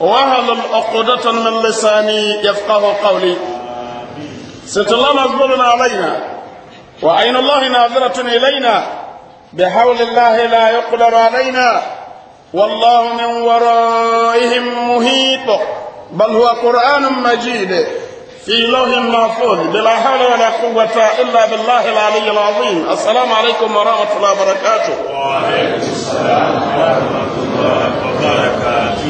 وهل العقدة من لساني يفقه قولي ست الله مزبول علينا وعين الله ناظرة إلينا بحول الله لا يقدر علينا والله من ورائهم مهيط بل هو قرآن مجيد في لوح محفوظ بلا حول ولا قوة إلا بالله العلي العظيم السلام عليكم ورحمة الله وبركاته وعليكم السلام ورحمة الله وبركاته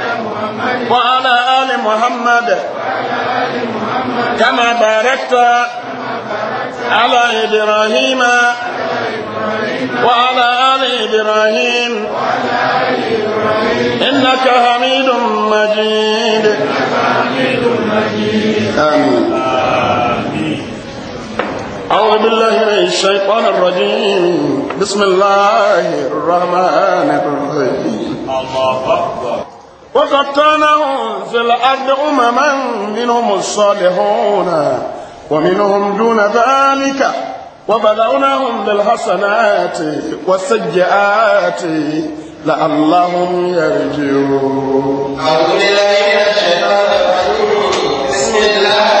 وعلى آل محمد كما باركت على إبراهيم وعلى آل إبراهيم إنك حميد مجيد آمين أعوذ بالله من الشيطان الرجيم بسم الله الرحمن الرحيم الله أكبر وقطعناهم في الأرض أمما منهم الصالحون ومنهم دون ذلك وبلوناهم بالحسنات والسيئات لعلهم يرجعون أعوذ بالله من الشيطان الرجيم بسم الله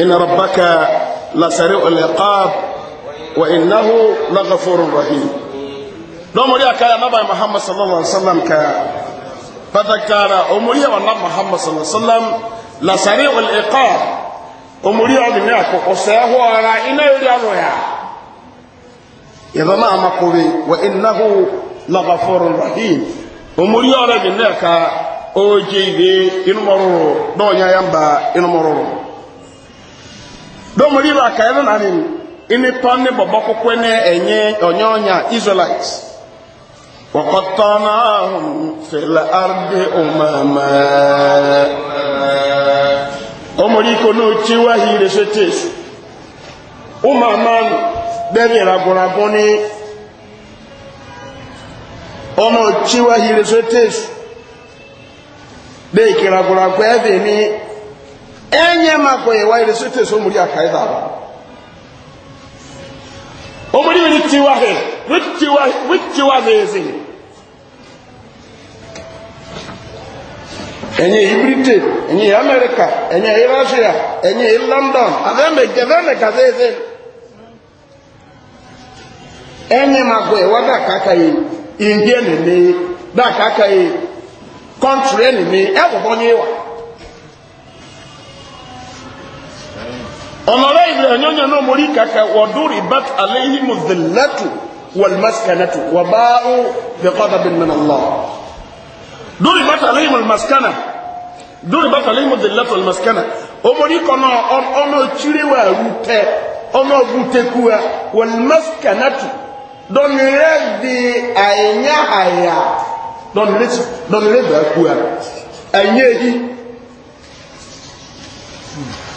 إن ربك لسريع العقاب وإنه لغفور رحيم نمري أكا نبي محمد صلى الله عليه وسلم كا فذكر أمري والنبي محمد صلى الله عليه وسلم لسريع العقاب أمري على أكو وسأه على إنا يريد إذا ما أمكوي وإنه لغفور رحيم أمري على bi nẹẹka oje ibe inumọrọrọ dọọnya yamba domori ba ka ebe na ni ini tɔnne bɔbɔ koko ne enye ɔnyɔnya israelite wakɔtɔnahum fela arde umama omori ko no tsi wahi rese tesu umama bɛbi ragorago ni ɔno tsi wahi rese tesu de ikiragorago ɛbi ni. enye magoye waire sote so muri akaida ba omuri witi wahe witi wa witi enye ibrite enye america enye russia enye london aveme gaveme kazeze enye magoye waga kakai indian ni da kakai country ni ewo bonyewa ọ̀nàrà ìbìrẹ̀ ọ̀nyọ́nyọ́ náà mo rí kàkà wọ́dúrì bàt aléyìí mo zèlẹ́tù wàlmáskanẹ́tù wà bá ó bẹ̀kọ́dà bí nínú lọ. dúrì bàt aléyìí mo lmaskana dúrì bàt aléyìí mo zèlẹ́tù wàlmaskana ọmọdé kọ́nà ọmọ ìkyiriwa rútẹ ọmọ ògùtẹkùwa wàlmáskanẹ́tù dọ̀nìrẹ́ di àyẹ̀nyá àyà dọ̀nìrẹ́ bẹ̀ẹ́kùwa àyẹ̀ yìí.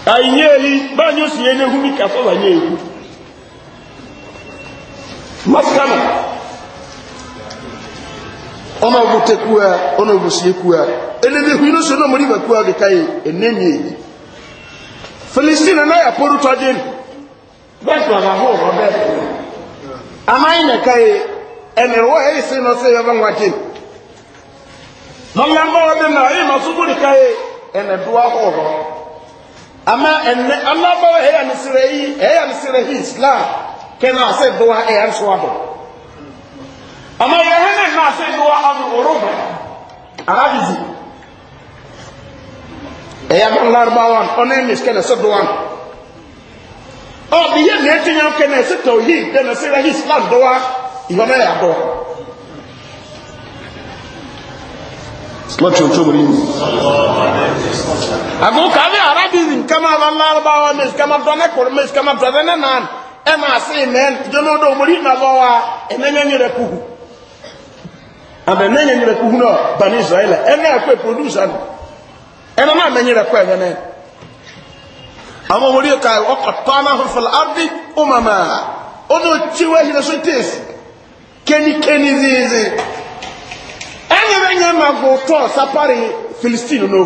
ayinyeli nye sinye ne humi kaso banye eku maskana ọmọ ogun tekuwa ọmọ ogun si ekuwa elele na ya poru tọdin bẹẹ sọ na hó ọbẹ ka yi ẹnẹrọ ẹyẹ sẹ na ọsẹ yọba nwa jim lọnyà mbọ ọdẹ na na ọsọ bọ ni ka yi ẹnẹdọ ama ɛnɛ anabawa ɛyɛ ne srɛ yi ɛyɛ ne srɛ yi islam kɛnɛ ase doa ɛyɛ nso ado ama yɛ hɛ ne na ase doa ado orobo arabizi ɛyɛ ama larabawa ɔne ne kɛnɛ se doa no ɔbi yɛ ne ɛtinya kɛnɛ se tɔ yi kɛnɛ srɛ yi islam doa ìwọ náà yà doa. slọ́tí ọjọ́ orí mi agogade arabizi nkama lalabawa mesi kama dɔne koro mesi kama dɔne ne nan ɛna ase nɛn jɔnɔ dɔ omori nabɔwa ɛnɛ nyɛ nyɛ kuhu ama ɛnɛ nyɛ nyɛ kuhu nɔ bani israɛl ɛnɛ akɔ producer no ɛnɛ naa mɛ nyɛ kɔ ɛnɛ nɛ àwọn omori yɛ kaa ɔkɔ paana ho fɛlɛ ardi umama ɔno tiwa yi na so tesi kenikeni ziizi. enyi be nye ma go to sapari filistine no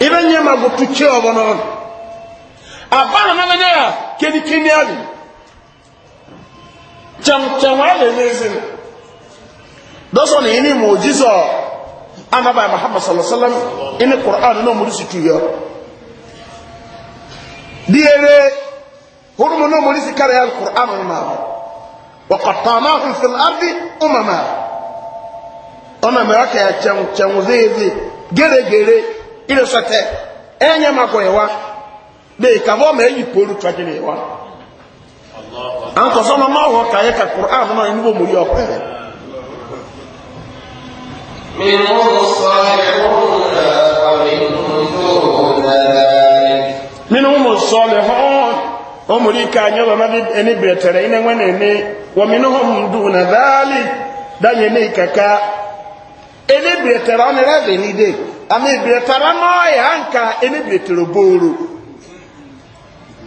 ibe nye ma go to che obo no abana na benya ya kedi kini ali cham cham ale nezin doso ni ni mujizo anaba muhammad sallallahu alaihi wasallam ini qur'an no murisi tuyo diere hurmu no murisi kare al qur'an ma وقطعناهم في الارض امما ona meraka ya chem chem zezi gere gere ile sote enye makoyewa be kavo me yi poru twajene wa ka ye ka qur'an no inbo muri okere ụmụ musalihun wa minhum ụmụ minhum salihun ka nyoba ma eni betere ine ngwene ni na minhum dunalik danye na biretara ọ nịra dị n'ide ama biretara n'ọhịa ha nka enebiretara obooro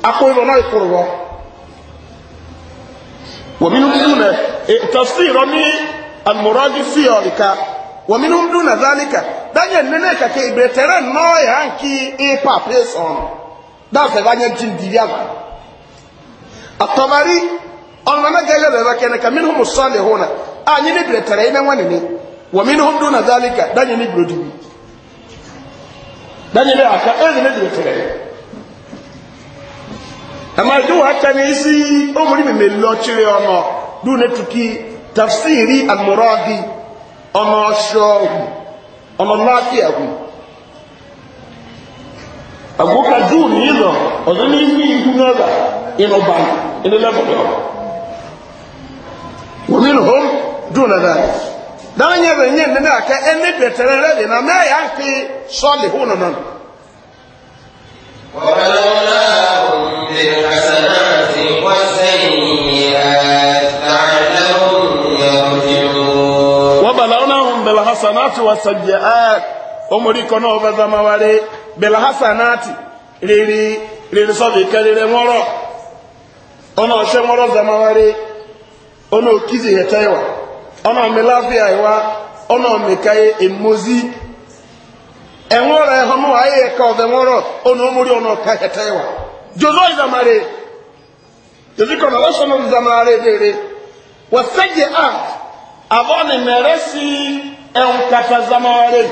akwụghị n'ọhịa kwụrụ ọ ومنهم دون تفسير المراد في ذلك ومنهم دون ذلك كي نوي هانكي اي الطبري اون ما منهم الصالحون اني ومنهم دون ذلك دني نبلو دي دني لا أكا أذن نبلو تلعي أما جو حتى نيسي أمري من ملو تلعي أما دون تكي تفسيري المرادي أما شوه أما ناكي أبو أبو كجون إذا أظن إني يكون هذا إنه بان إنه لا بقى ومنهم دون ذلك dan nyɛ bɛ nyɛ nene akɛ ɛne bɛtɛrɛ rɛ de na mɛ yɛn fi sɔli hu nonon. وبلوناهم بالحسنات والسيئات لعلهم يرجعون وبلوناهم بالحسنات والسيئات omori kɔnɔ ɔbɛzamawale bilhasanati riri riri sɔbi kɛriri ŋɔrɔ ɔnà ɔhyɛ ŋɔrɔ zamawale ɔnà okizi yɛtɛ wa ọ̀nà mi láfíà ìwá ọ̀nà mi káyé èmózí ẹ̀wọ́n rẹ̀ ọmọ ayé ẹ̀ka ọ̀dẹ̀ wọn rọ̀ ọ̀nà omori ọ̀nà ọ̀ka ẹ̀tẹ́ ìwà jòzó ìzàmàrè jòzí kọ̀nà lọ́sọ̀nà ìzàmàrè léèrè wọ́n sẹ́jẹ̀ á àbọ̀ ni mẹ̀rẹ́ sí ẹ̀hún kàtà ìzàmàrè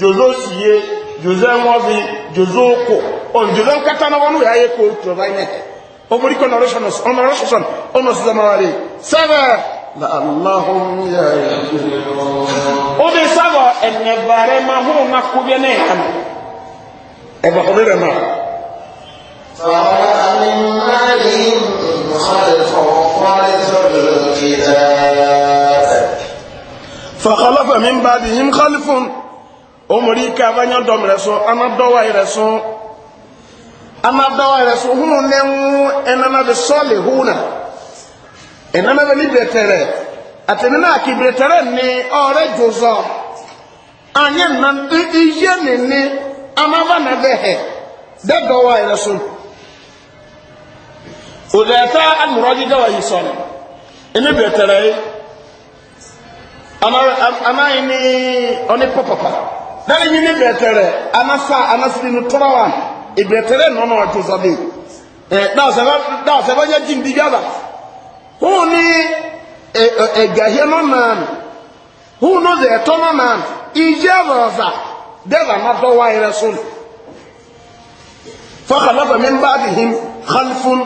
jòzó sìyé jòzó ẹ̀wọ́n fi jòzó kò ọ̀n jòzó kàtà náà wọn yà ayé kò Ode sábà ẹ̀nẹ̀bàrẹ̀ máa hó ma kú bí ẹ̀nẹ̀ ẹ̀kà mọ̀. Ẹ̀bà ọ̀rẹ́ rẹ̀ máa. Fàkàlọ́fà mi ń bá di yín kálífún. O mọ̀rí ike abáyán dọ̀m rẹ̀ sọ, aná dọ́wà rẹ̀ sọ. Aná dọ́wà rẹ̀ sọ, hùn ní ẹ̀nà náà bí sọ́ọ̀lì hùn náà ɛnana bɛ ni bɛtɛrɛ atani naa ki bɛtɛrɛ ni ɔrɛ jozɔ anyɛ nan iye ni ni amaba na bɛ hɛ dɛ dɔwɔ yɛrɛ so òdɛɛta amurɔdi dɛ wa yi sɔrɔ ɛni bɛtɛrɛ yi ama ama yi ni ɔni pɔpɔpɔ dɛni yi ni bɛtɛrɛ anasa anasiri ni tɔrɔ wa ìbɛtɛrɛ nɔnɔ jozɔ bi ɛ dawusɛ bɛ dawusɛ bɛ nyɛ jindi yaba hún ní ẹgàhẹ nọnà hún ní ọzọ ẹtọ nọnà ìjẹ ọzọ dẹbà má dọwọ ayẹrẹ sùn fọkàlọfà mi ń bá di him khalifun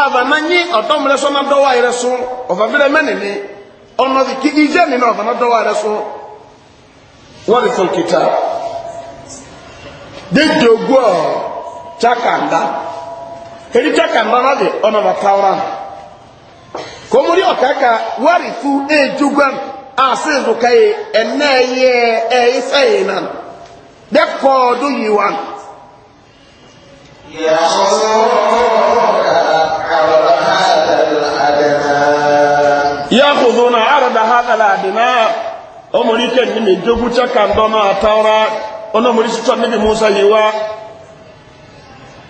àbà má nyi ọtọ mìíràn sọ má dọwọ ayẹrẹ So, ọfà fẹlẹ mẹni ni ọnà di kí ìjẹ mi náà ọfà má dọwọ ayẹrẹ sùn wọn di fún kìtà dídì ogún ọ chakanda èyí chakanda náà di ọ̀nà bàtà ọ̀ràn kòmúrí ọ̀kàkà wárì fún ẹ̀ẹ́dúgbọ́n àṣìṣùkà yìí ẹ̀nà ẹ̀yẹ ẹ̀yẹ sẹ́yìn náà dẹ́kọ̀ ọdún yìí wà. yàkùzù náà àrùdà hàdàlà àdìmá ọmọdé kẹ́ni mi dógún chaka ndọ́nà àtàwọ́rá ọlọ́mọdé sítọ́ níbi musa yìí wá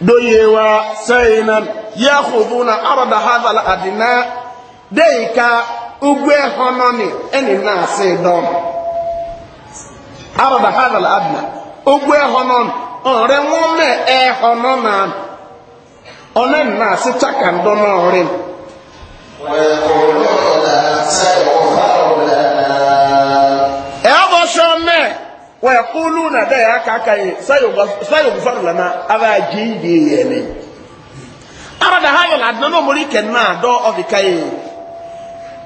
dóyè wá sẹ́yìn náà yàkùzù náà àrùdà hàdàlà àdìmá. dee ka ugwe họnọni ɛni naasị dɔm arada hadal adna ugwe hɔnɔn ɔre nwome ɛhɔnɔna ɔne naasị chaka ndɔ n'ɔre. ɛbɔ na dɛ aka aka yi sayogufar lana aba gyi de yɛ ne arada hadal adna n'omori kɛ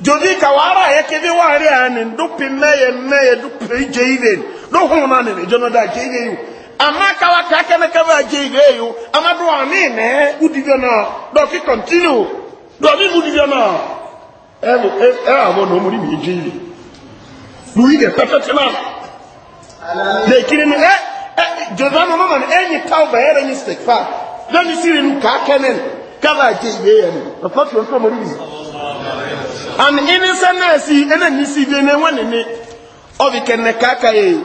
jodi ka wara ye kebe wari ani meye meye dupi jeire do hona ne jono da yu ama ka ka ka ba yu ama do ne na do ki continue do e mo e, e a mo no mo ni lu na de kire ne e, e jodo no no e ne enyi tauba ere ni stekfa do ni ka ka ba yu and innocent nurse ɛna nisi de ne wɔn ne ɔbi kɛnɛ kaka yɛ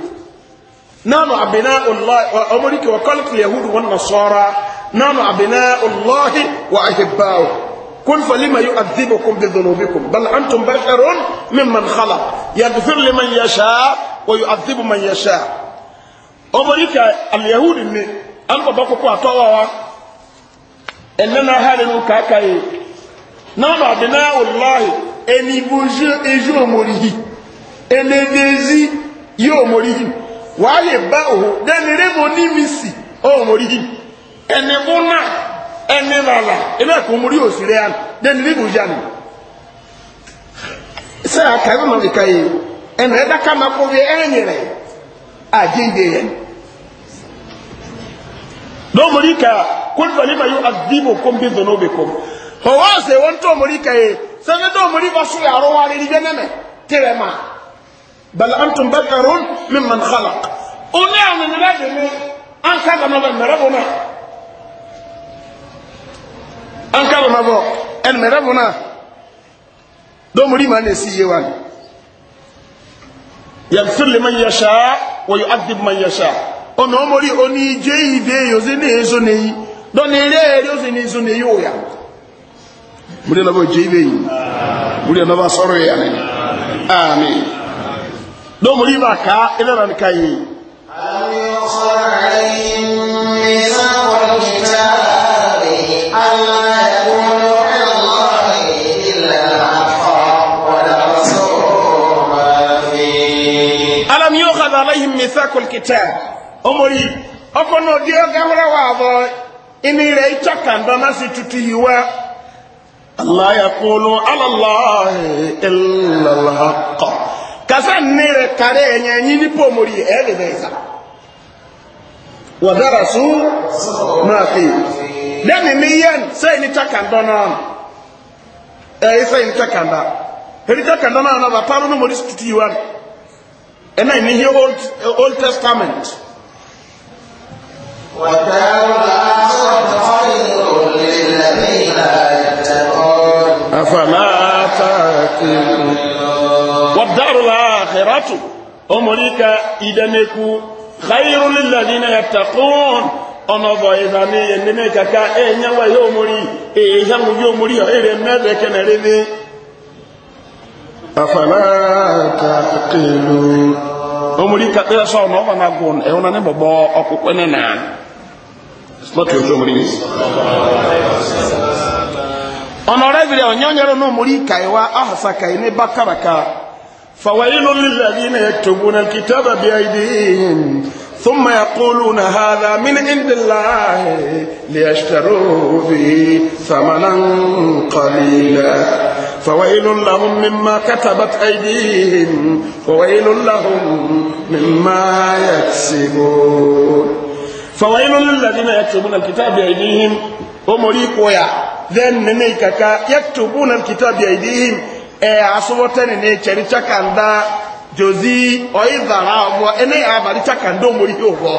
nanu abina ɔlɔhi ɔmɔdike wɔkɔlifu yahudu wɔn nasɔra nanu abina ɔlɔhi wɔ ahibaawo kun fa lima yu adibu kun bi dunubi kun bal an tun bɛ xɛrun min man xala yagfir lima yasha wa yu adibu man yasha ɔmɔdike aliyahudi ni an baba ko ko a tɔwa wa ɛnana hali nu kaka yɛ nanu abina ɔlɔhi enibu ejú omorihi enenezi yóò omorihi wáyé bá òhò dẹ́nirẹ́ mo ní mi sì ó omorihi ẹni múnà ẹni lọ́la ẹgbẹ́ kò mórí òsìrẹ́ àná dẹ́nirẹ́ mo jà nù. sẹ́ àkàrà ọmọ kìkà yìí ẹnì ẹ̀dá ká máa kó bí ẹ̀yìn rẹ̀ àjíǹde yẹn. lọ́mọdé ká kó nípa nípa yóò àdìbò kó ń bí zọ̀nà òbí kọ́. ọ̀wọ́ àṣẹ wọn tó ọmọdé ká yìí sɛnɛ dɔw mɔdi ba so yàrá wa ni bɛ nɛmɛ tẹrɛ ma bala an tun bɛ karun min man xala o ne y'a nana bɛ dɛmɛ an ka kana bɛ mɛrɛ bɔ na an ka kana bɔ ɛn mɛrɛ bɔ na dɔw mɔdi ma ne si ye wa ni yagfir liman yasha wa yu'adhib man yasha o mɛ o mɔdi o ni jɛ yi de yi o se ne ye so yi dɔn ne yɛrɛ yɛrɛ o se ne ye so yi o ya muri na boje ibeyi muri na basoro yane amen do muri baka ilera nkai ألم يؤخذ عليهم ميثاق الكتاب أمري أكون ديو غورا وابو إني رأيتك أن دوناسي تتيوا لا يقول على الله إلا الحق كسان نير كاري نيني بومري إلي بيزا ودرسوا ما فيه لأن ميان سيني تكن دونان أي سيني تكن دا هل تكن دونان أنا بطارو نموري ستتيوان أنا إنهي Old, Old Testament وترى صدقين wàdàrú àhẹ́rọ́tù ọmọlíkà ìdẹ́nẹ́kù xayiru lílàdínà yàtàkùn ọ̀nàbọ̀ ìdàmì ẹ̀nẹ́mẹ́ kàkà ẹ̀yẹ́wà yóò mórí ẹ̀yẹ́wà yóò mórí ọ̀rẹ́ mẹ́rẹ̀ kẹ́nẹ̀rẹ́ ní afẹ́lẹ́ẹ̀kà kìlú omori kàkẹ́ sọ ọ̀nà ọ̀nà gùn ẹ̀hún ní bọ̀bọ̀ ọkùnkùn nínà honorable onyonyero no muri kaiwa ahasa kaine bakaraka فويل للذين يكتبون الكتاب بأيديهم ثم يقولون هذا من عند الله ليشتروا به ثمنا قليلا فويل لهم مما كتبت أيديهم وويل لهم مما يكسبون فويل للذين يكتبون الكتاب بأيديهم هم ريقوا then nene kaka yaktubuna alkitabi aidihim e asobote nene cheri chakanda jozi oidhara obwa ene abali chakanda omuli obwo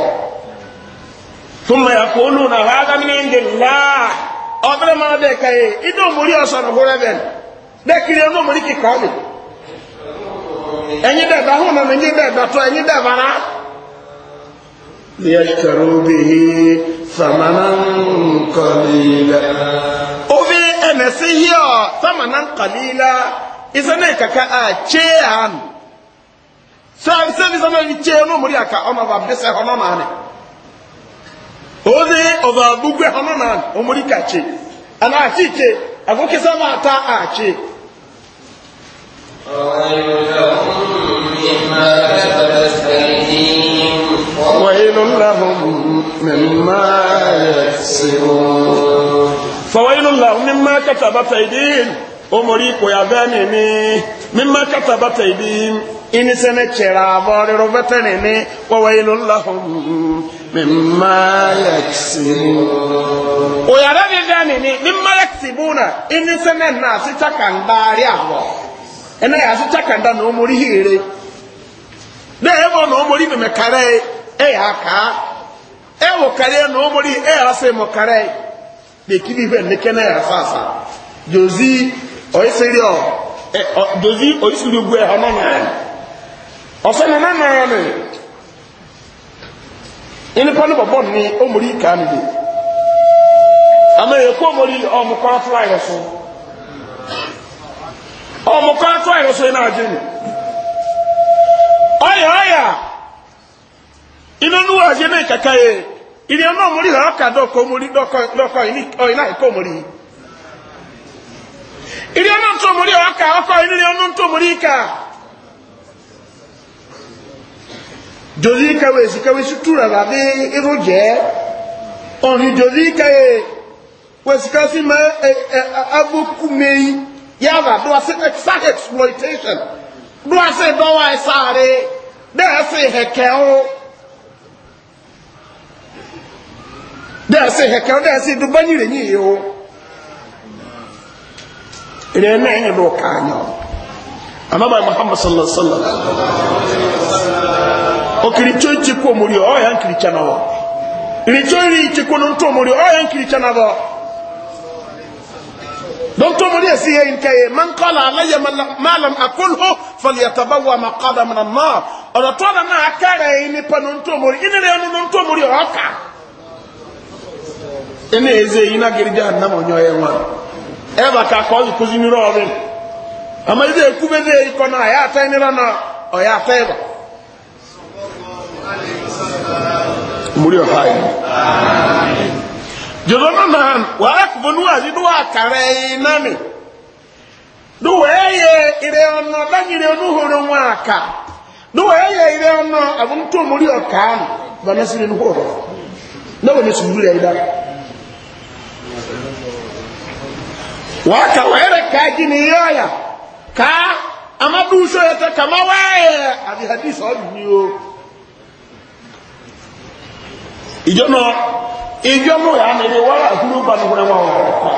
thumma yaquluna hadha min indillah obere mana de kaye ido omuli osan horeben de kiri ono omuli kikami enyi de da huna enyi de da to enyi de bara liyashtaru bihi thamanan qalila mɛsi hiɔ samanan kalila isɛnɛ kaka a kyee anu sɛbi sɛbi sɛbi bi kyee no mori aka ɔna ba bi sɛ ɔna naani ozi ɔba bugbe ɔna naani omori ka kye ana akyi kye agokisa ma ata a kye. ويل لهم مما يكسبون fọwọ́yìnú la mímá kẹtàbàtà ìdí omori kò yà bẹ́ẹ̀ ni mi mímá kẹtàbàtà ìdí inisẹ́ni kyerà bọ́ rírọ bẹ́tẹ̀ ni mi fọwọ́yìnú la mímá yẹksibú. òyàrá mi bẹ́ẹ̀ ni mi mímá yẹksibú na inisẹ́ni náà síta kàndáàrí àbọ̀ ẹnna yà síta kàndá na omori hìrè bẹ́ẹ̀ bọ́ na omori mímẹ kárẹ́ ẹ̀ yà á ká ẹ̀ wò kárẹ́ na omori ẹ̀ yà á sẹ́ mọ̀ kárẹ́ yìí dekili hwɛ nneke na yɛrɛ saasa dozi ɔyisiri ɔ ɛ ɔ dozi ɔyisiri gu ɛ ɔno nan ɔsɛn ɔno nan ni nipa no bɔbɔ ne ɔmori kaa ne de ama yɛ kó ɔmori ɔmo kɔn ato ayɛ so ɔmo kɔn ato ayɛ so yɛ na agye ne ɔyɛ ɔyɛ a inu nu agye ne kaka yɛ ìrìn ọmọ òmùrí ọ̀ọ́kà dọ́kọ̀ òmùrí dọ́kọ̀ ìná ẹ̀kọ́ òmùrí ìrìn ọmọ tó òmùrí ọ̀ọ́kà ọkọ̀ inú ni ọmọ tó òmùrí ìkà jòlí ìkàwé ìsìkàwé sútúrà láti irú jẹ́ ọ̀rìn jòlí ìkàwé wẹ̀sìkà sí mẹ́ agbókùnmẹ́yì yàrá dọ́ àṣẹ exact exploitation dọ́ àṣẹ dọ́wọ́ ẹ̀ sáré dẹ́ ẹ̀sìn ẹ̀kẹ́ ọ̀rọ̀. dẹ́ẹ̀sì hẹ̀kẹ́ dẹ́ẹ̀sì dùbẹ́ni rẹ̀ yìí o rẹ̀ náà yẹn ló kà á yàn anaba muhammad sallallahu alaihi wa sallam okiricho ichikwa omuri ọ ya nkiricha na ọ iricho iri ichikwa n'otu omuri ọ ya nkiricha na ọ dọ́tọ́ mo ní èsì yẹn nkà yẹn máa ń kọ́ la aláyẹ máàlám àkóló fọlì ẹ̀tọ́bá wà má kọ́ da mọ̀nà náà ọ̀dọ̀tọ́ da náà akẹ́rẹ̀ yìí nípa nínú tó mo rí ìnira yẹn nínú tó mo rí ọ̀ọ́kà. ene eze yi na giri jahannama onye onye nwa eba ka ka ọ zụkụzi n'iru ọrụ ama ekwube na ịkọ na ya ata na ọya ata ịba muri ọha ya na wa akụbụ nuwazi akara eyi nami eye ire ọnụ danyere nwa aka eye ire ọnụ abụ ntụ muri ọka ahụ na wani suru ya waka were kaji ni yoya ka amadusho yata kama waye abi hadisi ọdún o ìjọ náà ìjọ mú ya mi ni wàhálà kúrò bá mi wúrẹ́ wọn wọ̀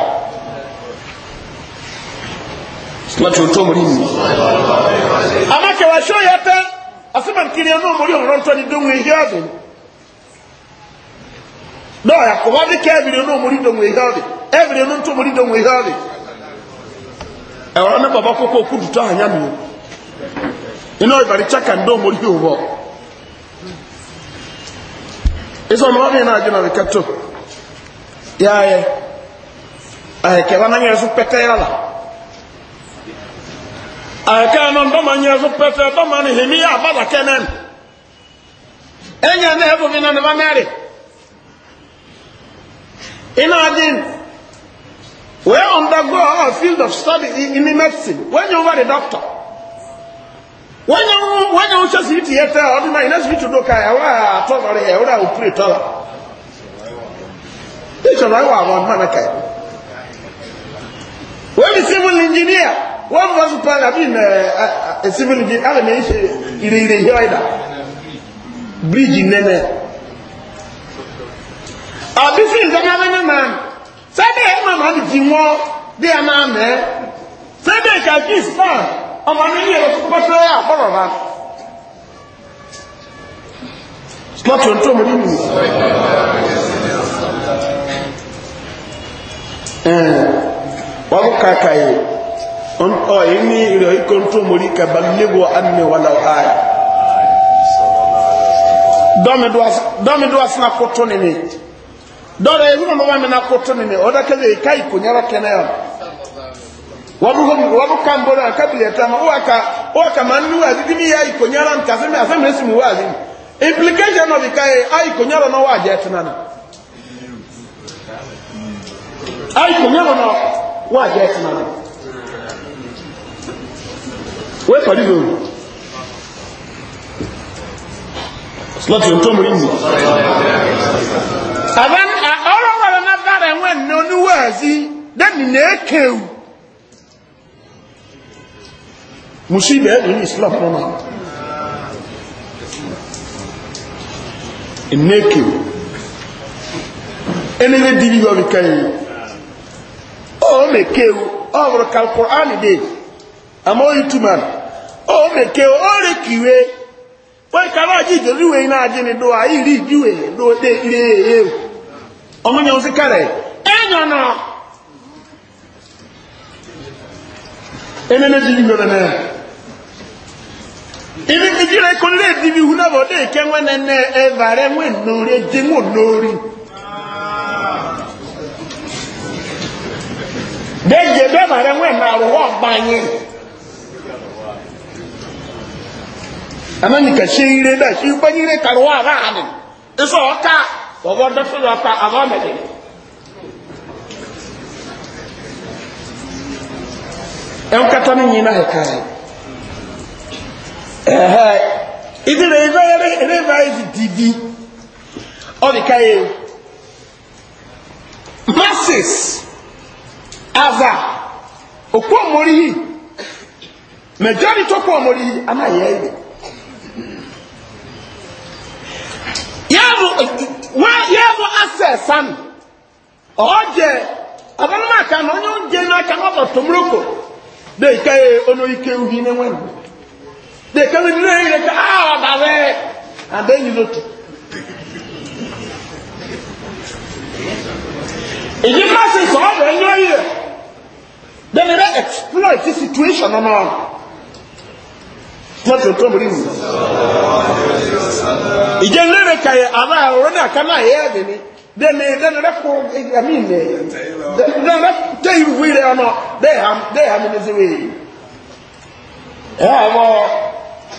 láti ọjọ́ mọ̀rí mi. amákẹ́wà ṣó yẹ pé asọ́mọ̀kiri ẹ̀ náà mọ̀rí ọ̀rọ̀ ntọ́ni dóhùn ehi ọ̀dẹ̀ náà yàkọ̀ wá ní kẹ́ẹ̀bìrì ẹ̀ náà mọ̀rí dóhùn ehi ọ̀dẹ̀ ẹ̀bìrì ẹ̀ náà ntọ́ mọ̀rí dóhùn ehi ọ̀dẹ̀. ẹ̀wọ̀n ní bàbá kókó kú dùtọ́ àyà mi o iná ìbàrí chaka ndó mo rí òwò ìsọ ọmọ ọdún náà jìnnà rìkà tó yá ayẹ àyẹkẹ wọn náà yẹ ẹsùn pẹtẹ yàrá àyẹkẹ náà ndọ́mà yẹ ẹsùn pẹtẹ ndọ́mà ni yà náà mi náà ní bá iná We undergo our field of study in, medicine. When you were a doctor, when you when you just eat theater or the night, you to do I want to talk about it. I want to. pray This is why we are man kai. When the civil engineer, one was plan I mean a civil engineer, I mean he he he either bridge nene. Abi fi zamana man sẹ́dẹ̀ ẹ̀ máa máa di wọ́n bí ẹ máa mẹ́ sẹ́dẹ̀ ìkàkí islam ọmọ ní ilé ẹ̀rọ púpọ̀ tó yà bọ̀rọ̀ rà slọ́tì ohun tó mú nínú wọ́n kàkà yìí ọ̀yí ní ìrọ̀ ikọ̀ tó mú rí kàbà lébò ánìyàn wà láwọ́ ààyè dọ́mìdúwà sínú akótó nìyí dɔwɛrɛ ye fúnma bàbá mi na kó tó nìyẹn ɔdɔ kɛlɛ yi ká ìkònyɛrɛ kɛnɛ hom wàbú kan bolo a kabili ɛtɛ ma wà ká wà mi yà ìkònyɛrɛ nkà sɛmi àsɛmi esi mi wà àdidi implication of ìka yɛ a ìkònyɛrɛ no wà jɛ tena na a ìkònyɛrɛ náà wà jɛ tena na wọ́n fà ní lòrùn slọ́tì ọ̀tọ́ mọ̀ yìí ọlọ́rọ̀ lábára ẹ̀wọ̀n ní oníwẹ̀ẹ́sí dẹ́mi ní ékèwù musulmi ní islam náà ní ékèwù ẹni lè dìbí yọ mi kẹ́yìn ó mẹ́kẹ́wù ọ̀rọ̀ kalkọ̀ ánìdè àmọ́ ìtumà ó mẹ́kẹ́wù ó rẹ̀ kìwé wọ́n kàrọ̀ àjíjò ríwẹ̀ a iri ji ìjúwẹ̀ lóde ilé èèwù ọmụ nyewu si kare enyo nọ ene n'eji ihu na ya ebe ndị jire ekọ ndị ebe ihu na ọbọdọ eke nwa na nne eva re nwe n'ori eji nwa n'ori deje be ma re nwe na arụwa ọgbanye amanyi ka shi ire da shi gbanyere karuwa ha ha dị nso ọka bɔbɔ dɔfo lɔ pa a b'a mɛlɛ ɛn ka tɔni ɲin na ka ye ɛhɛ i bi na i bɛ yɛrɛ yɛrɛ b'a ye didi ɔ de ka ye masses aza o kɔ mɔri yi mɛ jɔnni tɔ kɔ wọ́n yẹ bọ́ asẹ̀ sam ọ̀ọ́jẹ abọ́nmọ́ àkànnà onye oúnjẹ náà kàwọn bọ̀ tòmúrókò dé ìka yẹ ọ̀nà ike uhi ní wẹ́n dé ìka wẹ́n ní ẹ̀yẹ ká á ọ̀dà rẹ̀ àdé yìí lótú. èyí má ṣe sọ ọ̀rọ̀ ẹ̀yọ́ yìí rẹ̀ dẹ́ni rẹ̀ exploit situation náà. mọ́tò tó mọ̀rí mi. ìjẹ́ nlẹ́rẹ̀ kàyẹ àbá ọ̀rọ̀ náà ká náà ni dẹ́ni dẹ́ni rẹ̀ kó ẹ̀mí nẹ̀ dẹ́ni rẹ̀ tẹ́ ìwé rẹ̀ ọ̀nà dẹ́ hàmì ní sí na ẹ̀ àwọ̀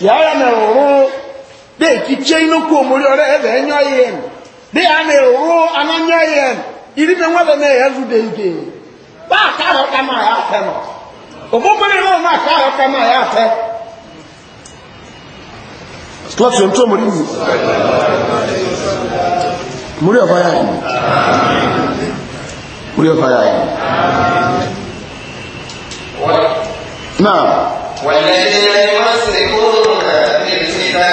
yàrá nà òru dẹ́ kí kyẹ́ inú kó slọ́tí ohun tó mọ̀rí yìí múrí ọ̀fà yà yìí múrí ọ̀fà yà yìí náà wàlẹ́dẹ́ lọ́sẹ̀kùn àti ìtìlá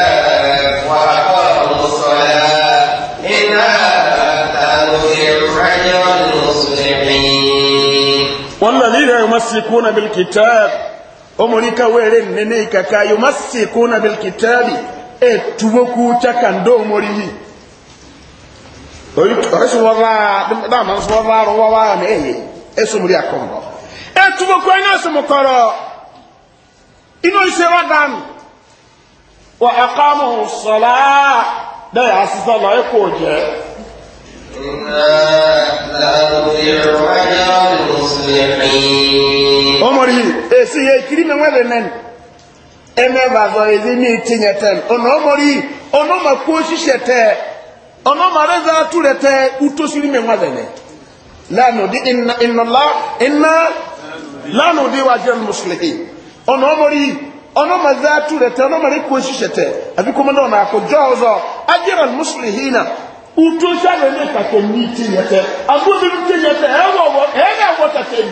wà kọ́ ọ̀sọ̀lá يمسكون بالكتاب أمريكا ويرين نيكا يمسكون بالكتاب etuboku kyaka ndomorihi ɔyisɔbabaadamansɔbabaarɔwabaameye esomori akɔmbɔ etuboku anyasomokɔrɔ inoise wadan wa akamu sɔlaa dɛ asisa lɔ ekoo jɛ. omorihi esi ye kiri mɛ wɛrɛ emebazoezi n'etinyete onomori onomakwoshisete onomareza atulete utosilime mwazene lanudi inna inna la inna lanudi wajira mare onomori onomaza atulete onomari kwoshisete abikomanda ona akojozo ajira muslihina utoshalene kake nitinyete abuzi nitinyete ewo ewo ewo takeni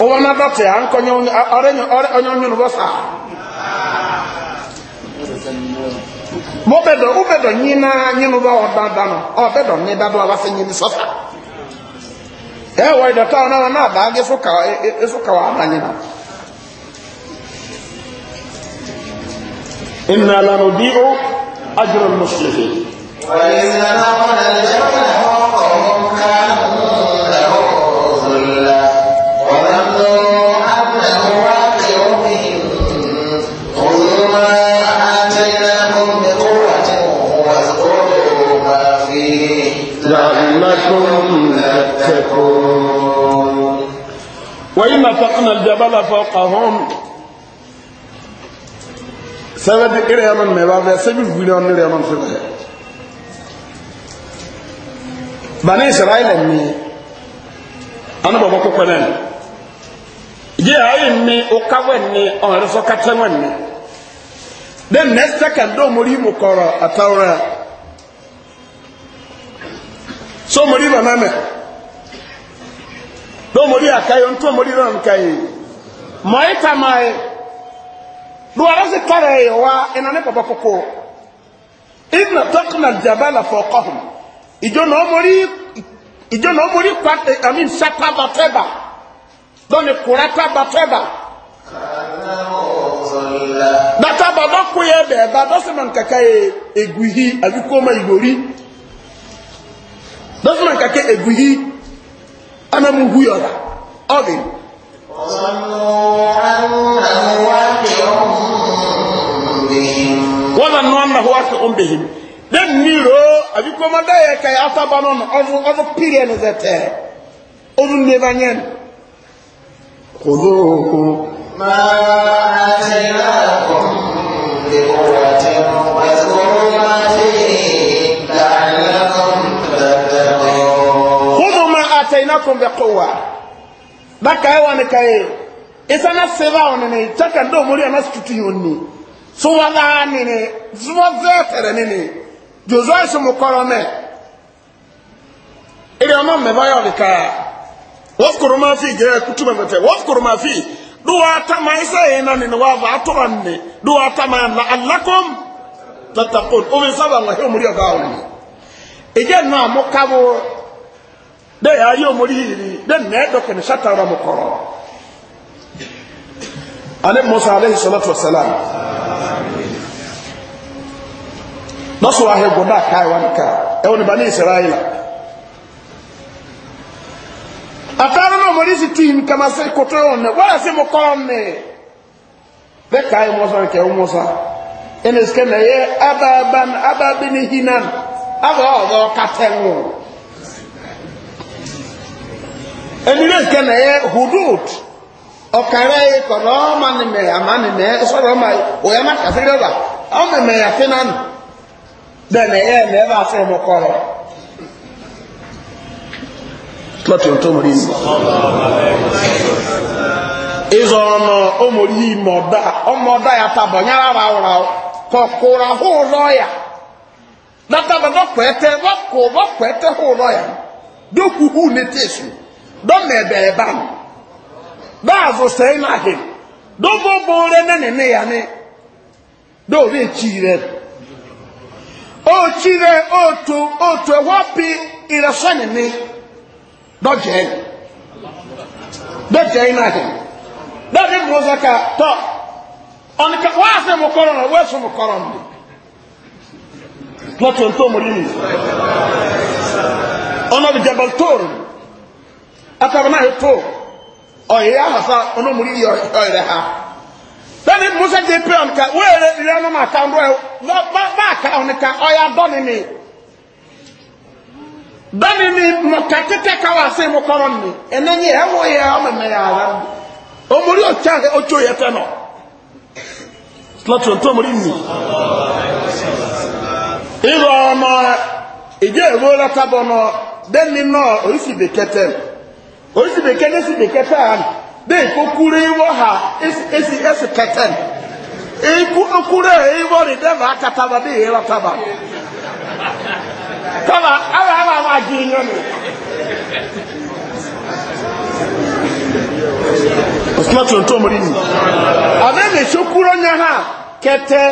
ụwa na dọtị a nkọnye onye onye ụbọsa mọbedo ubedo nyi na nyi n'ụba ọdada nọ ọbedo nyi dada ọbasị nyi n'isọsa ewe dọta ọ na na-aba gị ịsụkawa abanye na إنا لا نضيع أجر المسلمين وإذا نقل الجنة فوقهم كانوا فنتقنا الجبل فوقهم سبب إريانا مبابا سبب فيلان إريانا فيلان بني إسرائيل أمي أنا بابا كوكولان يا أمي أكاوني أو رفقاتوني Then next second, don't worry, Mukora, Ataura. So, Mariba, Nana domori akayo ntomori ron kai moita mai duara se kare yowa enane papa koko inna taqna aljabala fawqahum ijo no mori ijo no mori kwate i mean sapa bateba doni kurata bateba bata baba kuye be ba dosi man kakaye eguhi abikoma igori dosi man kakaye eguhi ana mu hu yọra ọdị wọ́n na nọ́ na wọ́n kẹ́ ọ́n bẹ̀hìm dẹ́n níro àbí kọ́mọdé yẹ ká yẹ afa ba nọ́nà ọdún ọdún pírẹ̀ ní sẹ tẹ́ ọdún ní bá nyẹ́ kò máa ń ṣe náà kọ́ ń lè wọ́n ti máa ṣe é dáná. aidaynakum biquwa daka ewa ne kae isana seva onene itaka ndo muri anasutu yoni so wala nene zuwa zetere nene jozo asu mukoro me ile ama mebaya lika wafkuru ma fi je kutuma mete wafkuru ma fi duwa tama isa ina nene wava aturanne duwa tama la'allakum tattaqun ubi saba ngahi muri gawo ije na mukabo dɛ yà yɛ omori yiri dɛ nɛɛ dɔ kɛnɛ satara mu kɔrɔ ale musa ale salatu wasalam nɔsɔ ahɛ gɔdɔ akaa ɛwɔ nika ɛwɔ e ne ba ne israɛla ataare na omori si tu yin kama se koto yɛ ɔnɛ wɔyɛ se mu kɔrɔ ne bɛ kaa yɛ musa kɛ ɛwɔ musa ɛnɛ sikɛ na yɛ ababan ababini hinan aba ɔdɔ katɛ ŋo. emire nke na ya hudud ọkara ya kọ na ọ nime ma nime ya sọrọ ụya ma ọ eme ya na na ya eme ebe afọ m kọrọ mụrụ ịzọ ọnụ ụmụrụ ime ọda kọkụrụ ahụ ya na hụ ya hụ dɔn mɛ bɛrɛ ba no baa zo sɛn na he dɔn bo bo rɛ ne ne ne ya ne dɔw bɛ kyi rɛ o kyi rɛ o to o to ɛwɔ e pi irɛsɛ ne ne dɔ jɛ dɔ jɛ na he dɔw bɛ bɔ sɛ ka tɔ ɔnika waa sɛ mo kɔrɔ na waa sɛ mo kɔrɔ na lɔtɔntɔn mo ni mi ɔnɔ jabal tóoru. akaba náà tó ọ̀yẹ́ àhàfà ọ̀nàmúrí yọ ọ̀rẹ́ ha bẹ́ẹ̀ni musa jẹ pé ọ̀nìkà wéèrè ìrẹ́ ọ̀nà máa ka ọ̀nà ka ọ̀nìkà ọ̀yà dọ́ni mi dọ́ni mi sí mu mi wọ ọmọ mi nọ mi ọmọ ìdí nọ si bèké lẹ́sì bèké fẹ́ràn bẹ́ẹ̀ ha esi esi pẹ̀tẹ́n ikú kúrẹ́ ìwọ́ rẹ̀ dẹ́bà akataba bẹ́ẹ̀ yẹra taba taba ara Kaba àwọn àjò èèyàn nù. osùnmọ́ tó ń tó mọ́rí nì. so ha kẹtẹ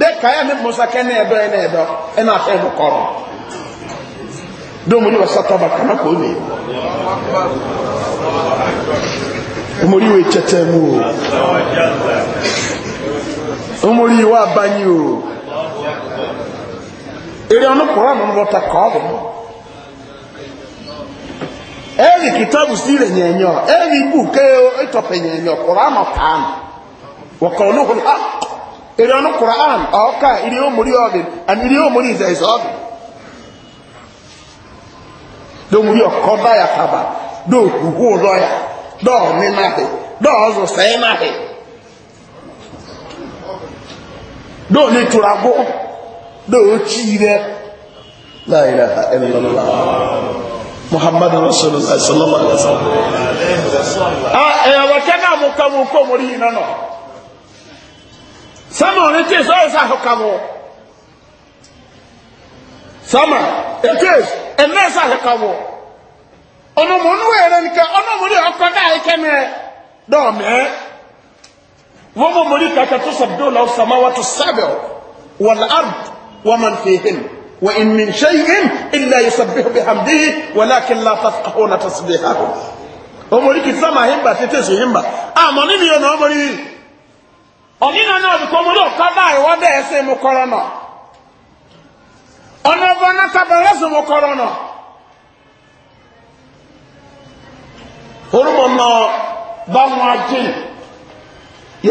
bẹ́ẹ̀ káyà ní musa kẹ́ ní ẹ̀dọ́ ẹ̀ ní ẹ̀dọ́ domo ni wasata ba kana ko ne omori we tete mu o omori wa banyi o ere ono quran no ta ka o mo eyi kitabu sire nyenyo eyi bu ke o itope nyenyo quran tan wa qawluhu al haqq ere ono quran o ka ire omori o bi an omori za isobi domuri ọkọ da ya kaba do okuhu ụlọ ya do ọmị naghị do ọzọ sị naghị do onye tụrụ agwụ do ochi ire la ilaha illallah muhammad rasulullah sallallahu alaihi wasallam a ẹ̀rọ kẹ́nà mú kàmú kó mórí yìí nánà sẹ́mi ò ní tí ì sọ́yìn sáà kàmú sama ekes enesa hekawo ono mo nu ere nka ono mo ri okko da ike me do me wo mo mo ri ka ka tusabdu law samawati sab'u wal ard wa man fihin wa in min shay'in illa yusabbihu bihamdihi walakin la tafqahuna tasbihahu o mo ri ki sama himba tete so himba a mo ni mi o no mo ri oni na na ko mo ri okko da e wa da ese mo korona Ọnụ ọba náà bẹ̀rẹ̀ sọ̀mọ̀ kọ̀rọ̀ nà orúkọ nà bá wọn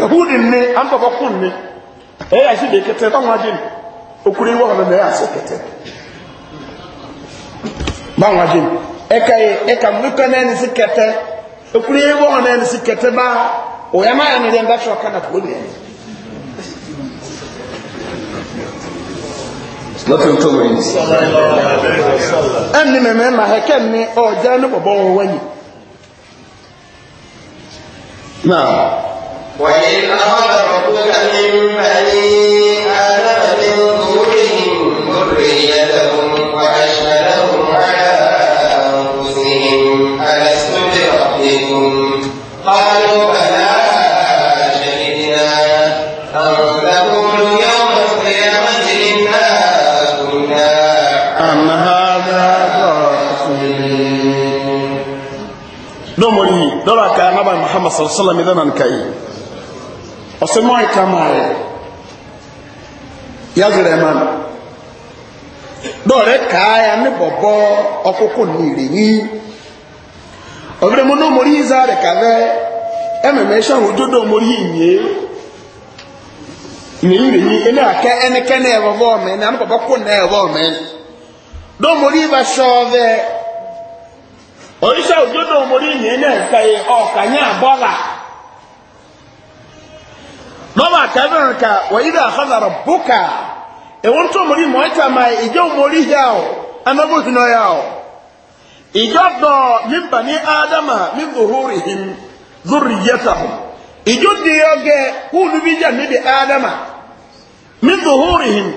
yahudi ni à ń bọ̀bọ̀ kún ni ẹ yà sí bèkẹtẹ bá wọn ajé ni okùnrin wọ́n mẹ́mẹ́ yà sí kẹtẹ bá wọn ajé ni ẹka yẹ kete mẹ́kọ náà ní sí kẹtẹ lọ́fẹ̀ tó wẹ̀ ní. ẹni mẹ̀mẹ́ ma hẹ́kẹ́ ni ọ̀já ní bọ̀bọ̀ wọn wẹ̀yìn. náà. wàyí àwọn lọ́wọ́. muhammad sallallahu alaihi wasallam kai osemo ai kamae yagre man dore kaya ni bobo okoko ni reyi obere mo no mori za re kale ememe shan ojodo mori yin ni ni reyi ene aka ene kene e bobo me na bobo ko na e bobo me do mori ba shove oríṣẹ́ òjòdó omori ní ẹ̀nà ka wọ̀nyídà àkọ́zàrọ̀ bùkà ẹ̀wọ̀n tó omori mọ̀ ẹ́ta máa ìjọ omori yá ọ anagbóhùn náà yá ọ ìjọ dọ̀ nípa ní ádámà ní him zúrì yẹta hù ìjọ di ọgẹ húlù bí jà níbi ádámà ní him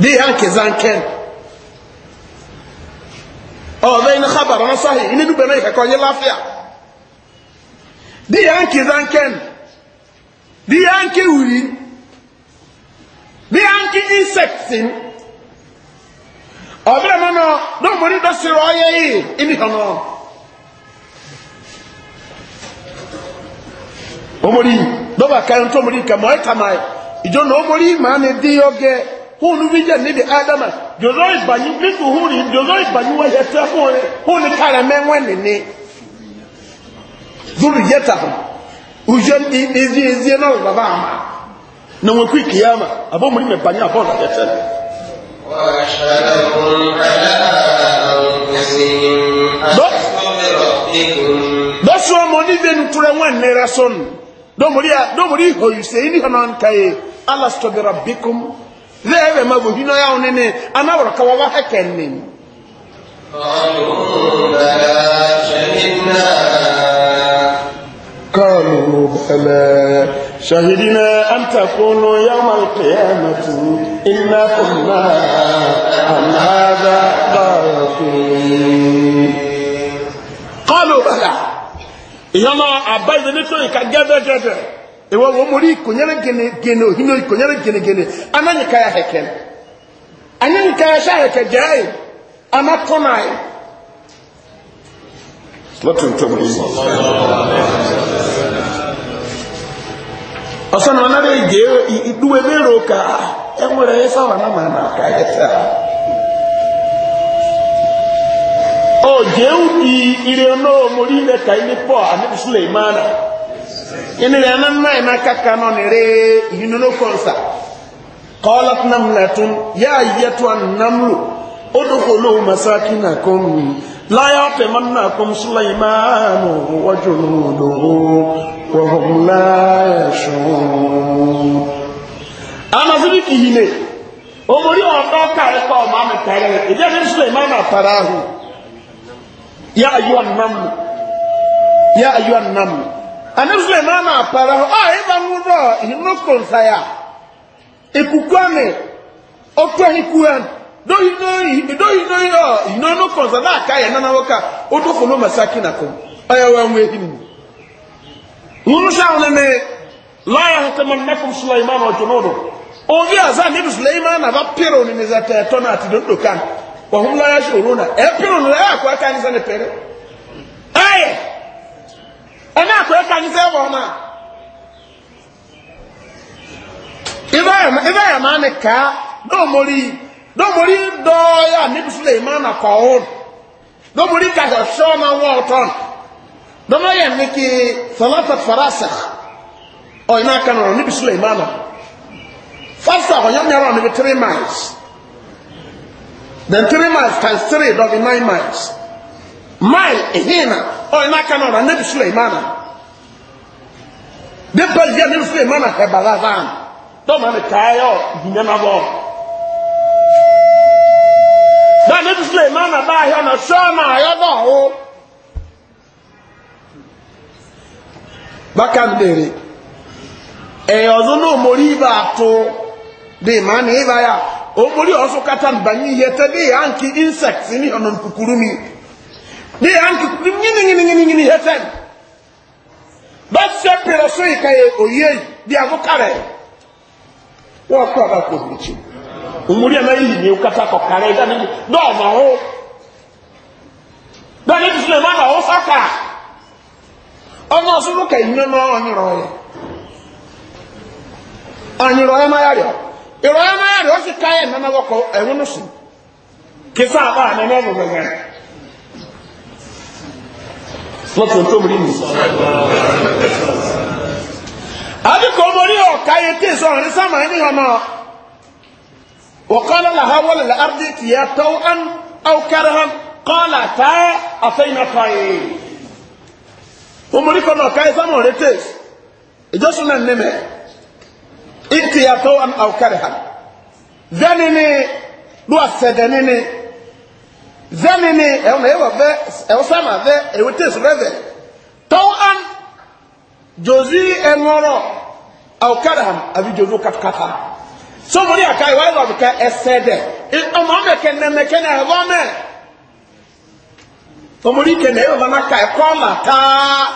دي هانك زانكن او بين خبر انا صحيح ان دو بني كان يلافيا دي هانك زانكن دي هانك وري دي هانك انسكتين او بلا نو دو مري دو سيرو اي اني هنو omori dɔba kan tó omori kama ɛ kama ɛ ìjọ na omori ma ni di oge hunu vijay níbi adama jòzó ìgbàyí nítorí húnni jòzó ìgbàyí wọ́n yẹ tẹ́ fún rẹ̀ húnni kárẹ̀ mẹ́wẹ́ nìní zuru yẹta ujọ ezi ezi náà wọ bàbá àmà na wọn kú ìkìyà mà abọ́mọ̀rí mẹ́ba ní abọ́ ọ̀nà yẹtẹ́ rẹ̀. dọ́sùn ọmọ oníbẹ̀ nìtúrẹ́ wọn nira sọ́nù domoria domori hoyuse ini hanan kai alastu bi rabbikum lebe ma bo hino ya onene anawra ka wa hekenni Kalu bala shahidina. أن تكونوا يوم القيامة إنا كنا عن هذا غافلين قالوا ìyọ́nà àbáyé nítorí ìka gẹ́gẹ́gẹ́gẹ́ ìwọ wọ́n mọ̀ rí ìkònyẹ́rẹ́ gẹ́nẹ́gẹ́nẹ́ òhìnà ìkònyẹ́rẹ́ gẹ́nẹ́gẹ́nẹ́ anáyíká ya hẹ̀kẹ́ anáyíká ya sáhẹ̀kẹ́ jẹ́ ẹ̀ anátọ́nà lọ́tún tó mú yìí. ọ̀sán náà náà lè jẹ́ ìdúwẹ́ ká ẹ̀ ń wẹ̀rẹ̀ ẹ̀ náà máa ká ẹ̀ ojewu bi ire ono mori ne ka ni po ani suleimana ini re nan na na kaka no ni re inu no konsa qalat namlatun ya ayyatu an-naml udkhulu masakinakum la yaqmannakum sulaimanu wa junuduhu wa hum la yashurun ana zikihine omori odo ka re ko ma me tare ide ni suleimana parahu ya ayuwa nam ya ayuwa nam anasule hɔ a eba ŋu dɔ a nsaya ekukwane ɔtɔ hikuan doyi doyi doyi doyi ɔ hinoko nsaya n'aka yɛ nana woka odo folo masaki nako ɔyɛ wɔn ehi mu nunusaw lɔya hɛtɛmɛ aza na ba pere na ati kan. wọn mu lọrọ ẹsẹ ọrọ na ẹ pẹrẹ ọrọ ẹ akọ ẹka nisẹ ni pẹrẹ ẹyẹ ẹ ní akọ ẹka nisẹ wọ ọmọ a ìbá yà má ìbá yà má ni ká dọ́mọ̀lì dọ́mọ̀lì dọ́ọ̀ yà nígbìsúlẹ̀ ìmá nà kọ̀ ọ́n dọ́mọ̀lì kàtà ṣọ́ ọ́n àwọn ọ̀tọ́n dọ́mọ̀ yà ni kí sọlọ́tà The three miles times three dɔ bi nine miles mile ehin eh, na ɔyɛ oh, n'aka na ɔna nebi suleimana de pɛli yɛ nebi suleimana hɛbala van dɔw ma ne taa yɛ dunyana bɔ dɔw nebi suleimana baa yɛ ɔna sɔɔ na ayɛ dɔwɔ bákan dèrè ɛyɛ ɔzɔ náà mori ibà tó de maa ní ibà yà. omori ọsọ kata nbanye ihe te dị ya nke insect ọ nọ nkukuru dị ya nke nyini nyini nyini nyini ihe te so ka oyie yìí bí àwọn kárẹ wọn kọ àbá kò bìrì kata kọ kárẹ yìí ma ìrọ̀lẹ́ náà rẹ̀ ó sì ká ẹ̀ nánà wọ́kọ̀ ẹ̀wọ̀n ní sùn kí sáà bá àná náà bọ̀ gẹ̀gẹ̀. lọ́tọ̀ tó mú ní. àdìkọ̀ ọmọ ní ọ̀ka yẹn tí sọ̀rọ̀ ní sáàmà ní ọ̀nà وقال لها وللأرض يا طوعا أو كرها قالتا أتينا طائعين ومريكو نوكاي سامو ريتيس إجاسونا نمي itiya tawan aw karihan zanini duwa sɛdɛnini zanini ɛwɔ na ɛwɔ e vɛ ɛwɔ sama vɛ ɛwɔ tesu vɛ vɛ tawan jozi ɛnwɔrɔ aw karihan abi jozo katakata sɔmɔni aka yi e wa ɛwɔ bi ka ɛsɛdɛ ɔmɔ mɛ kɛ nɛmɛ kɛ nɛ ɛwɔ mɛ ɔmɔni kɛ nɛ ɛwɔ ka ɛkɔma taa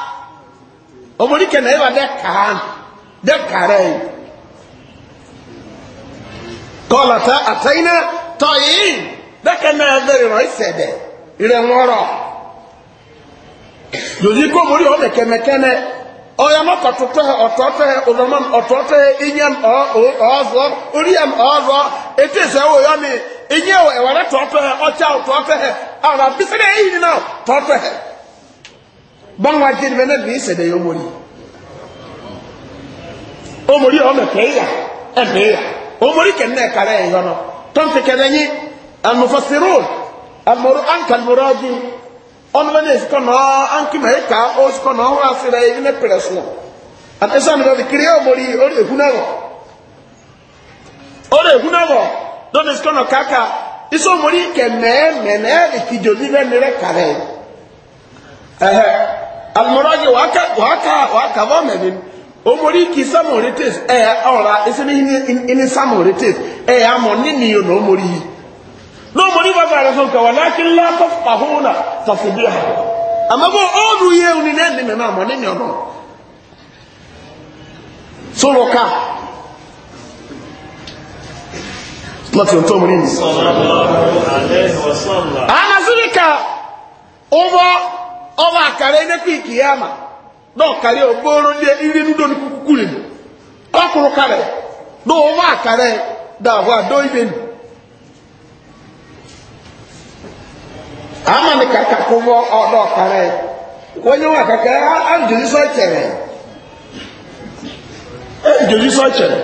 ɔmɔni kɛ nɛ ɛwɔ dɛ kaa dɛ kaa yi kọ́lọ̀tà àtẹ́yìnà tọ́yìn bẹ́kẹ̀ náà bẹ̀rẹ̀ rọ̀ ìsẹ̀dẹ̀ ìrẹ̀ wọ́rọ̀ yòyí kó mórí ọ̀ mẹ̀kẹ́mẹ̀kẹ́nẹ́ ọ̀yà mọ́kà tuntun hẹ ọ̀tọ̀ọ̀tọ̀ hẹ ọ̀dọ̀mọ́m ọ̀tọ̀ọ̀tọ̀ hẹ ìyẹn ọ̀ọ́zọ́ orí yẹn ọ̀ọ́zọ́ etí ìsẹ̀ wò yọ mi ìyẹn ẹ̀wẹ̀rẹ̀ tọ̀ọ̀tọ̀ hẹ ọ̀tí ọ̀tọ̀ọ̀tọ̀ hẹ àwọn abisirẹ̀ èyí nínú tọ̀ọ̀tọ̀ hẹ. báwọn ajé níbẹ̀ náà bí ìsẹ̀dẹ̀ yọ mórí. ó mórí ọ̀ mẹ̀kẹ́ yà ẹ̀ mẹ́ yà omori kenne kare e yono ton te kene ni al mufassirun al muru anka al muraji on wani sko no anki me ka o sko no wa sira e ne presno an esa mi do kire omori ori e hunago ori e hunago don sko no kaka iso omori kenne me ne e kijoli ne ne kare eh al muraji wa ka wa ka wa ka wa me omori ki samorites ẹ eh, ọra esebe ini samorites ẹ eh, amọ nini yo na omori yi na omori bá bá rẹsọ nkawa lakin látọ pàhónà tàfidì ha àmàbọ ọdún yẹ òní náà ní mẹmẹ àmọ nini ọdún sọlọ ká láti ọtọ omori yìí. ọba ọba àkàrà ẹni pé ìkìyàmà. dɔɔkari ogboro ndị iri nu doni kukukuli nu ɔkuru karɛ dɔwɔvɔ akarɛ dàvɔ adóyè nu a ni kaka kubɔ ɔdɔɔkarɛ wọnyɛ wọn chere ma sɔ kyerɛ anjoli sɔ kyerɛ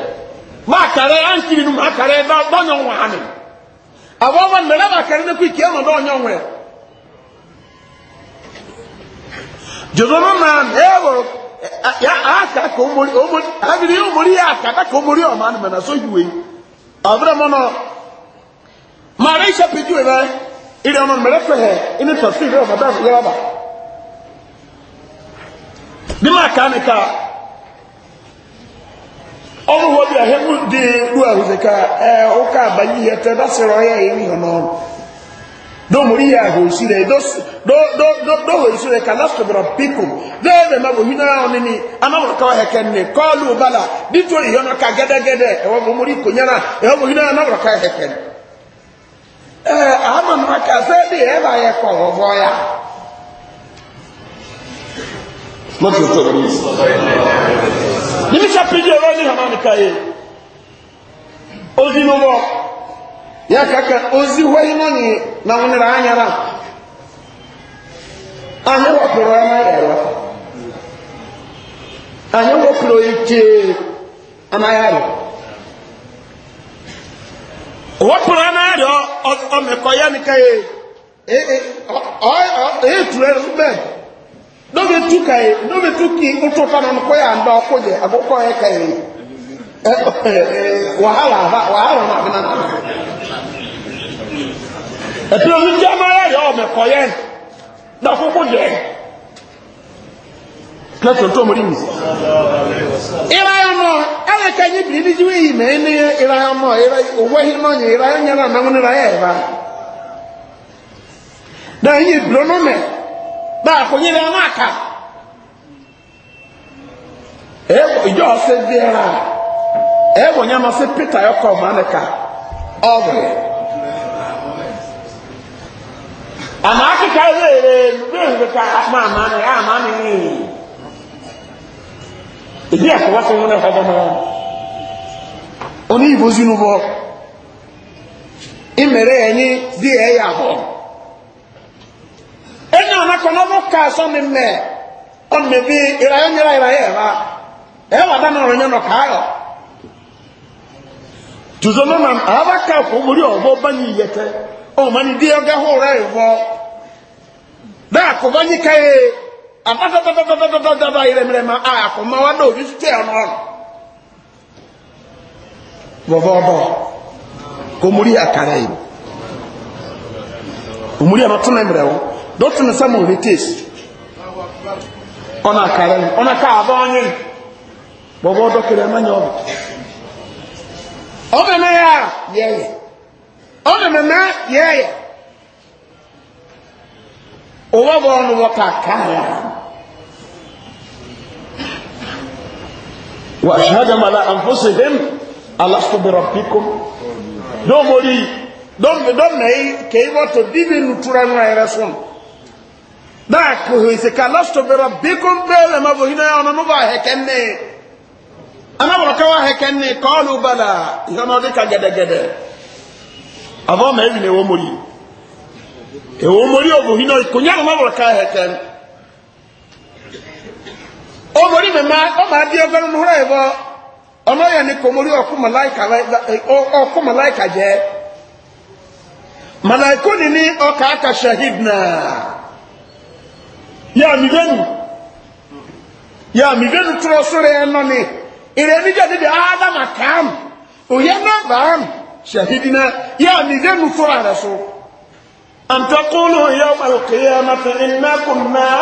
maakarɛ na náà ẹ̀wọ̀ aka ka omori omori omori ya aka da ka omori ọma anụ mana so yiwe ọbụrụ mụ nọ mara ebe ịrị ọma mere fehe ịnụ tọsi ire ọma bẹẹ yọrọ ba dịma aka ka ọrụ hụ ahịa dị ruo ahụzị ka e, ụka abanye ihe tẹ dasịrị ọhịa ya ihe n'ọrụ domori yɛ ahosi to do do do do hosi rɛ kana sɔbɔrɔ piko bɛɛ bɛ ma bɔ hinɛ yɛ ɔnini anamɔrɔ kaw hɛkɛ ne kɔɔlu bala bitori yɛ ɔnɔ ka gɛdɛgɛdɛ ɛwɔ mɔmori konyana ɛwɔ bɔ hinɛ eh. yɛ anamɔrɔ kaw hɛkɛ ne ɛɛ ahama nora ka sɛ de yɛ ba yɛ kɔ wɔvɔ ya. mɔtò tó bí nimisa pidi ɔrɔ ni hama nika ye ozinu bɔ. ya ka ozi hwai no ni na wonera anyara anye ama yara anye ike ama yara wapiro ama yara ọmọkọ ya nika e ee tura ẹsùn ka ye lóbi tu kì ka yẹ. wàhálà àbá wàhálà ọ̀nà àbínà náà ẹ̀tí omi jẹ́ amáyá yọ ọmọ ẹ̀kọ́ yẹn lọ́kúkú jẹ́ lẹ́tọ̀ tó mi ìráyà mẹ́rin ní ìráyà ẹ̀hìn ìráyà yẹn náà náà náà yìí ɛwɔ nyama sɛ peter ɛkɔ ɔma ne ka ɔwɛ ana akeka yɛyɛ nubɛn bɛka ama ama ne ama ne ne ebi akɔba e so ho ne hɔ bɔmɔ ɔne yibo zinu bɔ imere ɛnyi di ɛyɛ abɔ ɛna anakɔ n'ɔbɔ kaa sɔ ne mɛ ɔmɛ bi ira yɛ nyera ira yɛ ɛra ɛwɔ adanɔ ɔrɔ nyɛ nɔ kaa tùzọ́mọ́ ma àbákà fòmórí ọ̀bọ́ bá ní ìyẹtẹ́ ọmọ ní ma àkọ́mọ́ wá dọ̀ òjútù tẹ̀ ọ̀nà ọ̀nà bọ̀bọ̀ ọbọ̀ kò mórí àkàrà yìí òmórí àmà tún ẹ̀mìrẹ̀ wọ́n dọ́tún sẹ́mu rìtẹ́sì ọ̀nà àkàrà ọmọ mẹ yá yẹyẹ ọmọ mẹ mẹ yẹyẹ òwò bọ̀ ọ́nù wọ kàkàrà. وأشهد على أنفسهم ألست بربكم دوم لي دوم دوم أي كيف تدين نطران ويرسون ذاك هو إذا ألست بربكم بل ما بهنا أنا نبغى هكذا anáwọ̀ káwá hẹkẹ́ ní kọ́ọ̀lù bala ìyọ́nà ọdún ká gẹ́dẹ́gẹ́dẹ́ àbọ̀ mẹ́rin ni èwo mori èwo mori òbò hinna kò ní àwọn ọmọ ká hẹkẹ́ omori mẹ́ma ọmọ adé ọgbẹ́rún ní húrẹ́ ìbọ ọmọ yẹn ni kò mori ọkú màláìkà jẹ màláìkú ni ní ọkà aka shahid náà yà mí vẹ́nu yà mí vẹ́nu tún ọ ìrẹ́nijọ́ ti di ádámà kàm òye náà bàm ṣèhídínà yẹ àmìdé nu fúnra rẹ̀ so. àǹtọ́kùnú yẹ ọ̀pọ̀lọpọ̀ yẹ mọ́tò iná náà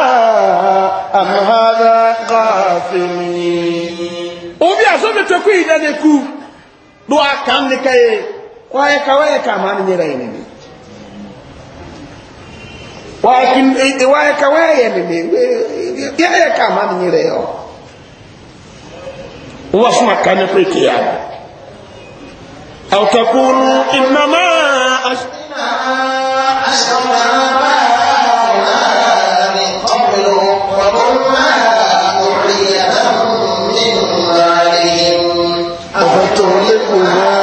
àmàhàdà gáfìmì. òbí àsọ́bí kú ìdánikú ló wà kàn ní káyé wáyé ká wáyé ká máa ní yẹra yẹn ni. wáyé ká wáyé yẹn ni yẹ ká máa ní yẹn وفما كان في القيامة أو تقول إنما أشرك آباؤنا من قبل وكنا ذريتهم من بعدهم أفتهلكنا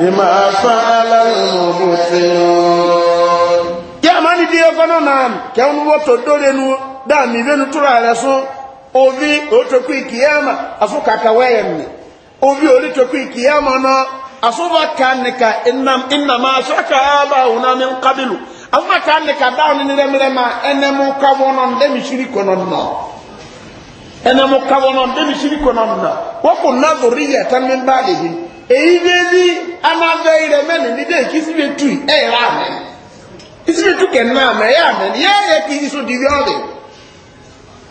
بما فعل المبطلون يا من دي أفنى نعم كم وتدورين دعني ذنو ترى رسول Obi otokwu ikiyama afu kaka weyemni ovi olitokwu ikiyama no asuba kanika innam innama ashaka abauna min qabilu asuba kanika dauni niremirema enemu kabonon demi shiriko nonno enemu kabonon demi shiriko nonno wakunna dhuriyatan min badihim eyi bezi anave iremeni nide kisibe tui eyra amen isibe betu kenna amen ya amen yeye kisiso divyobe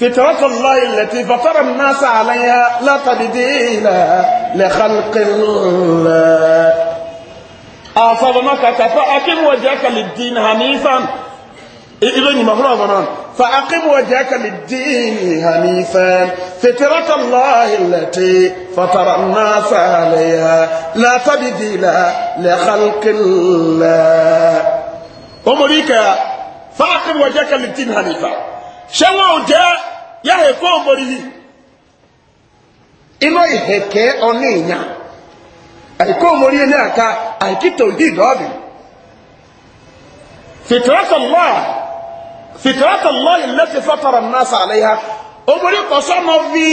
فطرة الله التي فطر الناس عليها لا تبديل لخلق الله أصابناك فأقم وجهك للدين حنيفا إذن مفروض نعم. فأقم وجهك للدين حنيفا فطرة الله التي فطر الناس عليها لا تبديل لخلق الله أمريكا فأقم وجهك للدين حنيفا ṣé wọn ò jẹ́ yàrá èkó òmòrì yìí iná ìhẹ̀kẹ́ ọ̀nà èèyàn àìkó òmòrì yẹn náà ká àìkítà òdì ìdọ́ọ̀bì fìtìrátàlọ́ fìtìrátàlọ́ ìlẹ́tì fọ́tàrà náà sàlẹ̀ ha òmòrì kọ̀ sọ́nà bí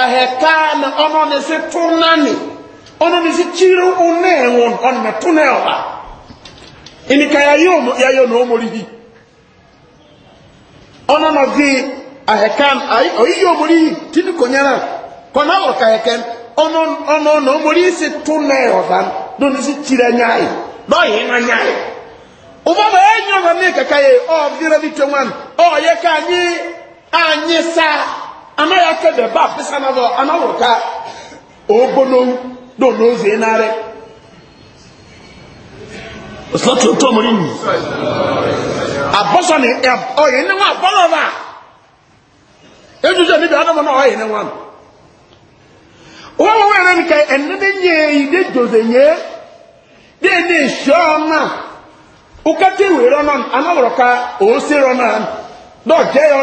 àhẹ̀ká ni ọ̀nà ní sí túnánì ọ̀nà ní sí kírú ọ̀nà ẹ̀wọ̀n ọ̀nà túnẹ̀ ọ̀la ìníkà yà yóò ní òmòrì yìí ọnụ nọ dị ahekan oyiyi omori tini konyana kọna ọka ahekan ọnụ ọnụ na omori isi tụ na ọzan na onisi tire nyaị na ọyị na ya ụfọdụ enyi ọzọ na ịkaka ya ọ bịara dị twenwan ọ ya ka anyị anyị saa anaghị akebe ba pesa na ọ anaghị ka ogono na onozi enarị. Osatu otu omori nyi. abọ́sọ̀ ni ọ̀yẹ̀ ní wọn àbọ́lọ̀ bá ejújú ẹni bí adọ́mọ náà ọ̀yẹ̀ ní wọn. wọ́n wọ́n wọ́n ẹ̀rọ nìkan ẹ̀nà bí nyẹ rọ náà anáwòrán ká òsè rọ náà dọ̀jẹ́ rọ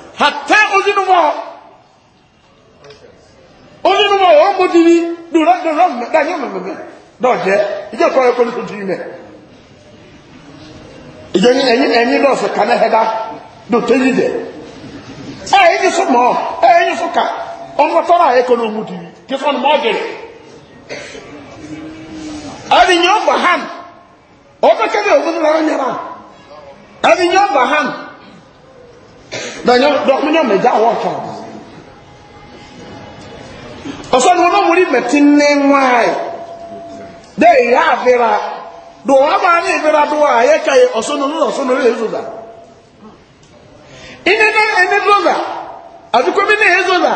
hata ozinumɔ ozinumɔ wɔn mo diri dura dura mɛ da nyɛ mɛmɛmɛ dɔjɛ idjɛ kɔ yɛ kɔni tuntun mɛ idjɛ ni ɛni ɛni dɔsɛ kanɛ hɛ da do teyi dɛ ɛ ɛni so mɔ ɛ ɛni so ka ɔnɔtɔla yɛ kɔni omu diri kisɔn mɔ jɛrɛ ɛni nyɛ ɔba han ɔbɛ kɛlɛ ozinumɔ nyɛ ba ɛni nyɛ ɔba han. na nyɛ mɛ gya wɔn tɔn ɔsɔ ni wɔn wuli mɛti ne de do wɔn ama ne do a ka yi ɔsɔ ni wɔn ɔsɔ ni wɔn yɛ zoza ine ne ene zoza adukɔmi ne yɛ zoza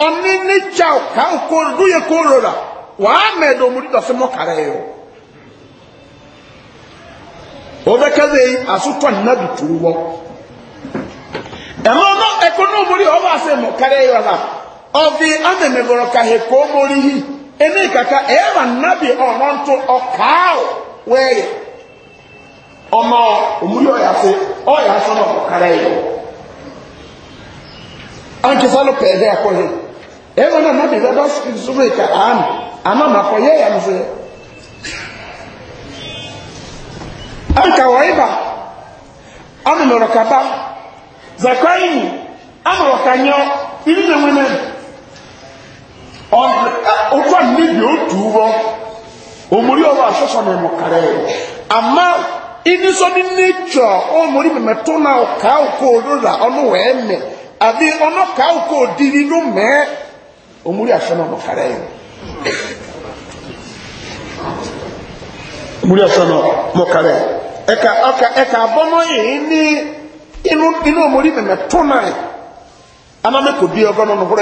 ɔne ne kan do yɛ la wɔn do wɔn mɔ yɛ o wɔn bɛ yi nna ẹ̀mọ́ náà ẹ̀kọ́ náà mórí ọba ṣe mọ̀ kárẹ́ yọ ọ̀la ọ̀fi amẹ̀mẹ̀bọ̀rọ̀ kàhẹ́ kó mórí yìí ẹni kàkà ẹ̀rọ nàbì ọ̀rọ̀ ntò ọ̀kàáwò wẹ́ẹ̀rẹ̀ ọmọ òmúrí ọ̀yà ṣe náà kárẹ́ yọ. ankisalo pẹ̀lú ẹ̀kọ́ yẹn náà nàbì ìkà àmì àmà kaba zakaini ama wakanyɔ ibi na wɛnɛ ɔdze ɔdze anibi otu wɔ omori ɔwɔ asɔsɔ na ɛmɔ kara yɛ ama inisɔ ni netsɔ ɔmori mɛmɛ tó na ɔka ɔkɔ odo la ɔno wɛɛ mɛ abi ɔno ka ɔkɔ odiri no mɛ omori asɔ na ɔmɔ omori asɔ na ɔmɔ kara yɛ ɛka ɛka ɛka abɔnɔ inú inú omori mẹmẹ tó náà anamẹ kò ọgọ nínú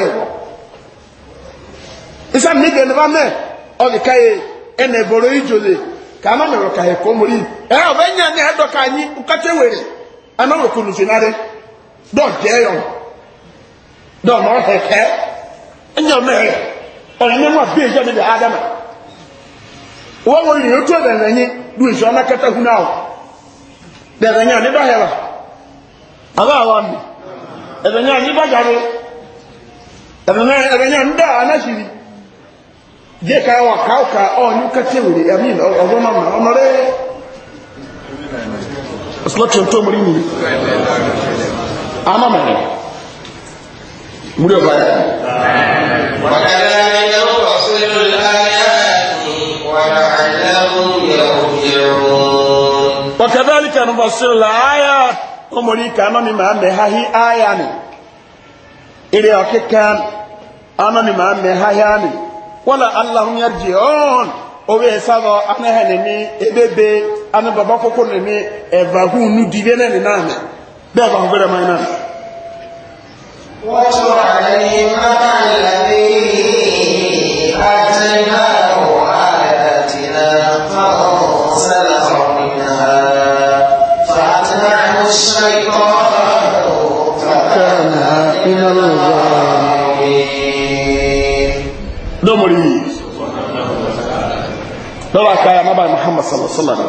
isa nígbà nípa mẹ ọdí káyé ẹnẹ bọrọ ìjòlè kà anamẹ ka káyé kọ omori ẹ ọbẹ nyà ní ẹdọ káyé nkàtẹ wèrè anamẹ náà dọ jẹ yọ dọ nà ọ adama wọn otu du ìṣọ ọmọ kẹtẹ hu náà dẹrẹ dọ aba awa mi ɛbɛnyɛ anyi bajare ɛbɛnyɛ ɛbɛnyɛ nda anasiri gye ka wa kaw ka ɔnyu kɛtɛ wuli ɛmi ɔbɔ ma ma ɔnɔre ɔsɔ tuntun mu ni ama ma ni mu de ɔba yɛ. وكذلك نفصل الآيات ولعلهم يرجعون وكذلك نفصل الآيات omori ka anọni ma meghahi agha ni ire ọkịka anọni ma meghahi ani wala allahum yarji on owe esado anaghị nemi ebebe anababa akwụkwọ nemi evahu nu dibe na ni naanị bẹẹ bá ọgbẹrẹ mọ iná. بايا ما بايا محمد صلى الله عليه وسلم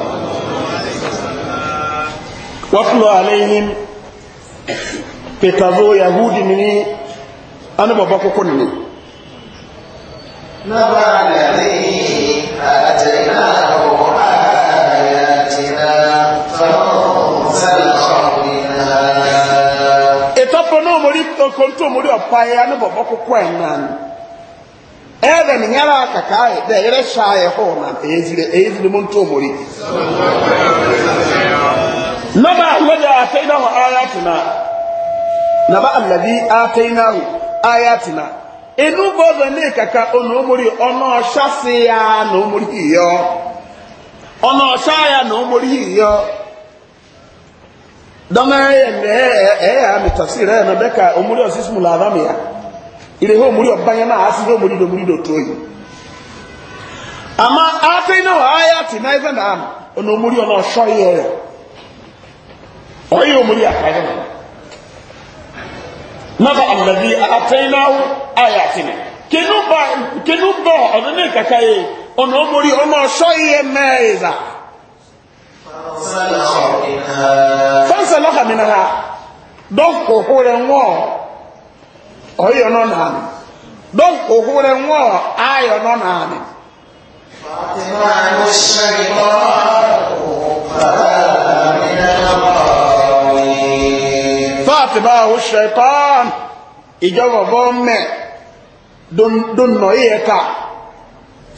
واتلو عليهم كتابو يهود مني أنا باباكو كنني نبع الذي آتيناه آياتنا فهم سلخوا منها إتفنوا مريد أكنتم مريد أبايا أنا باباكو كنني ebe minyara aka ka anyị kpee ere hụ na ezire ezire ntụ omori naba a atainahu ayatina inu bozo ne ono omori ono ya na omori yo ono sha ya na omori dama e, e, ya na beka irehe omuri ọbanye na asịrị omuri na omuri n'otu oyi ama aka ina wa aya ti na ife na ama ona omuri ọ na ọsọ ihe ya ọyị omuri aka ihe na naba alabi atainawo aya ti na kenu ba kenu ba ọdụ na kaka ya ona omuri ọ na ọsọ ihe mee ịza fansalaha mina ha dọkụ hụrụ nwụọ ọyọ nọ n'ani dɔn ohore ŋɔ ayɔ nɔ n'ani. fatima ló ṣe ìmọ̀ ọ̀rọ̀ mi fatima ló ṣe tán ìjọba bọ́ mẹ́ dundun yẹ ká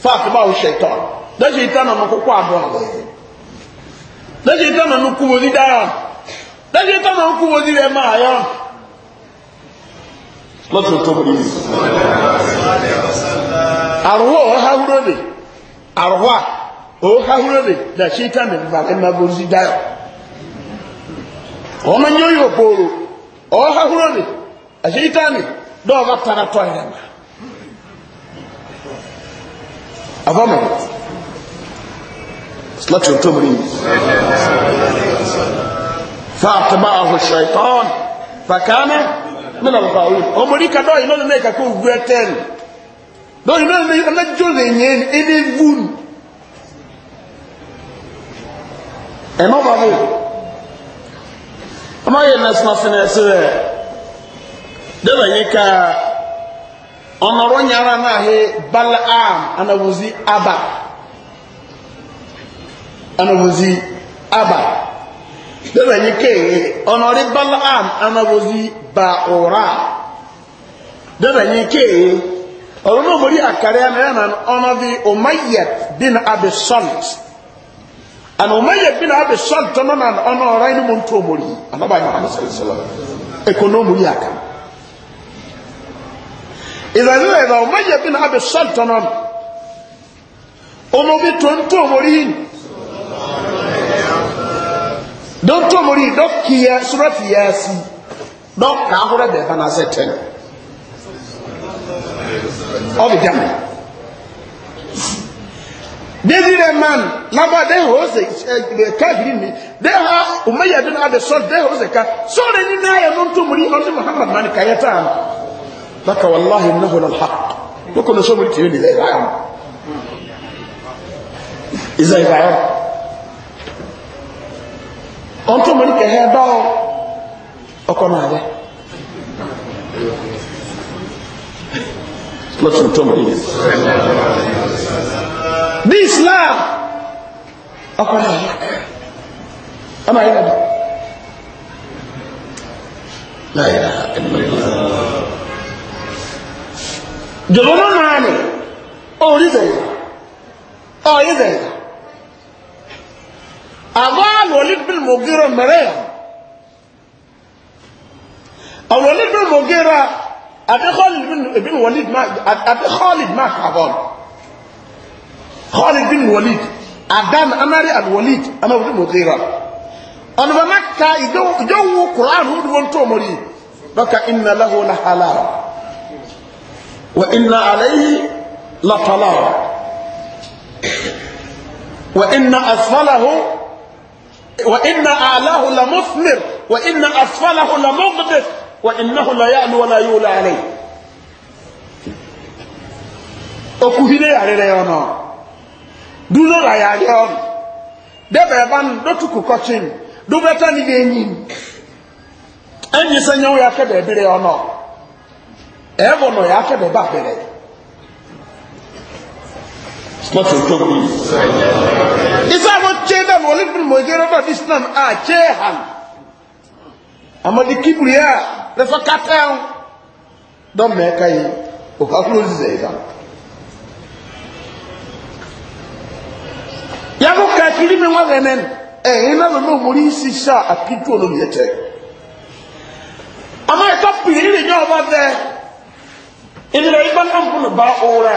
fatima ló ṣe tán lẹ́sìn ìtàn ọmọ kókó àdó àwẹ̀ lẹ́sìn ìtàn ọmọ dáhà lẹ́sìn ìtàn ọmọ kúmọ̀ ní máa yọ. lọ́tọ̀ tó mú nínú àrùwọ́ ọ̀háhúrò lè àrùwọ́ ọ̀háhúrò lè dà ṣe tàbí bàbá mabó sí dáyọ̀ ọmọ yóò yóò pòrò ọ̀háhúrò lè àṣẹ ìtàní dọ́ọ̀bá tara tọ́ ẹ̀rẹ̀ mà àbámọ̀ lọ́tọ̀ tó mú nínú فاعتبعه الشيطان فكان mena babawi omori kada ino ne ka ko gweten do ino ne na jole nyen ene vun e no bawo ama ye na sna sna se de ba yika onoro nyara na he balaam anawozi aba anawozi aba dẹ́nà yìí kéèyàn ọ̀nàrí balaam anáwọ́sí baora dẹ́nà yìí kéèyàn ọ̀rọ̀ náà mọ̀rí àkàrẹ́ ẹ̀nà ọ̀nàbí umayyad bin abisalt and umayyad bin abisalt tọ́nà náà ọ̀nà ọ̀rá inú mọ̀ tó mọ̀rí anábà yìí mọ̀hánà sẹ́lẹ̀sẹ́lẹ̀ ẹ̀kọ́ náà mọ̀rí àkà ìdàgbé ẹ̀dà bin abisalt tọ́nà ọ̀nà ọ̀bí tó ń mọ̀rí don tó mori dɔ kiyɛ sɔrɔ fiyɛ si dɔ k'an kɔrɔ bɛɛ fana se tɛ ɔ bi dɛmɛ man laba de ho se ɛ eh, kabiri mi de ha o ma yɛ de na de sɔ de ho se ka sɔrɔ ni n'a yɛ don tó mori ɔn muhammad mani kaya yɛ taa baka walahi nahu na ha ne kɔni sɔ mori tiɲɛ de la yɛrɛ ayi ma izayi ba yɛrɛ ọ̀n tó mọ̀ ní kẹ̀hẹ́ bá ọkọ̀ náà rẹ̀ lọ́tún tó mọ̀ ní bí islam ọkọ̀ náà rẹ̀ ọmọ ayé rẹ̀ láyé jọ̀bọ̀n náà ni ó rí zẹ̀yà ọ̀ yí أما الوليد بن المغيرة مريم الوليد بن المغيرة أبي خالد بن بن وليد ما أبي خالد ما حضر خالد بن الوليد أدان أمري الوليد أنا بن المغيرة أنا بمكة يجو يجو القرآن هو دون تومري لك إن له لحلال وإن عليه لطلال وإن أسفله وإن أعلاه لمثمر وإن أسفله لمغدق وإنه لا يعلو ولا يولى عليه okuhire yarịrị ya ọnụ dulora ya arịa ọnụ debe ebe anụ dotuku kọchin dubeta n'ile enyi enyi sị ya kebe ya ọnụ ebe nọ ya kebe babere slọtụ ntokwu isa ahụ chee dan wọle bin mojere islam ha amadi kibri a refa kata dọ mee ka yi ofe afro zize ya ya bụ ka kiri mi nwa genen ee isi sha apitu olomi ya chee piri ni nyọọba bẹẹ ịdịrị ịgba na mbụ ụra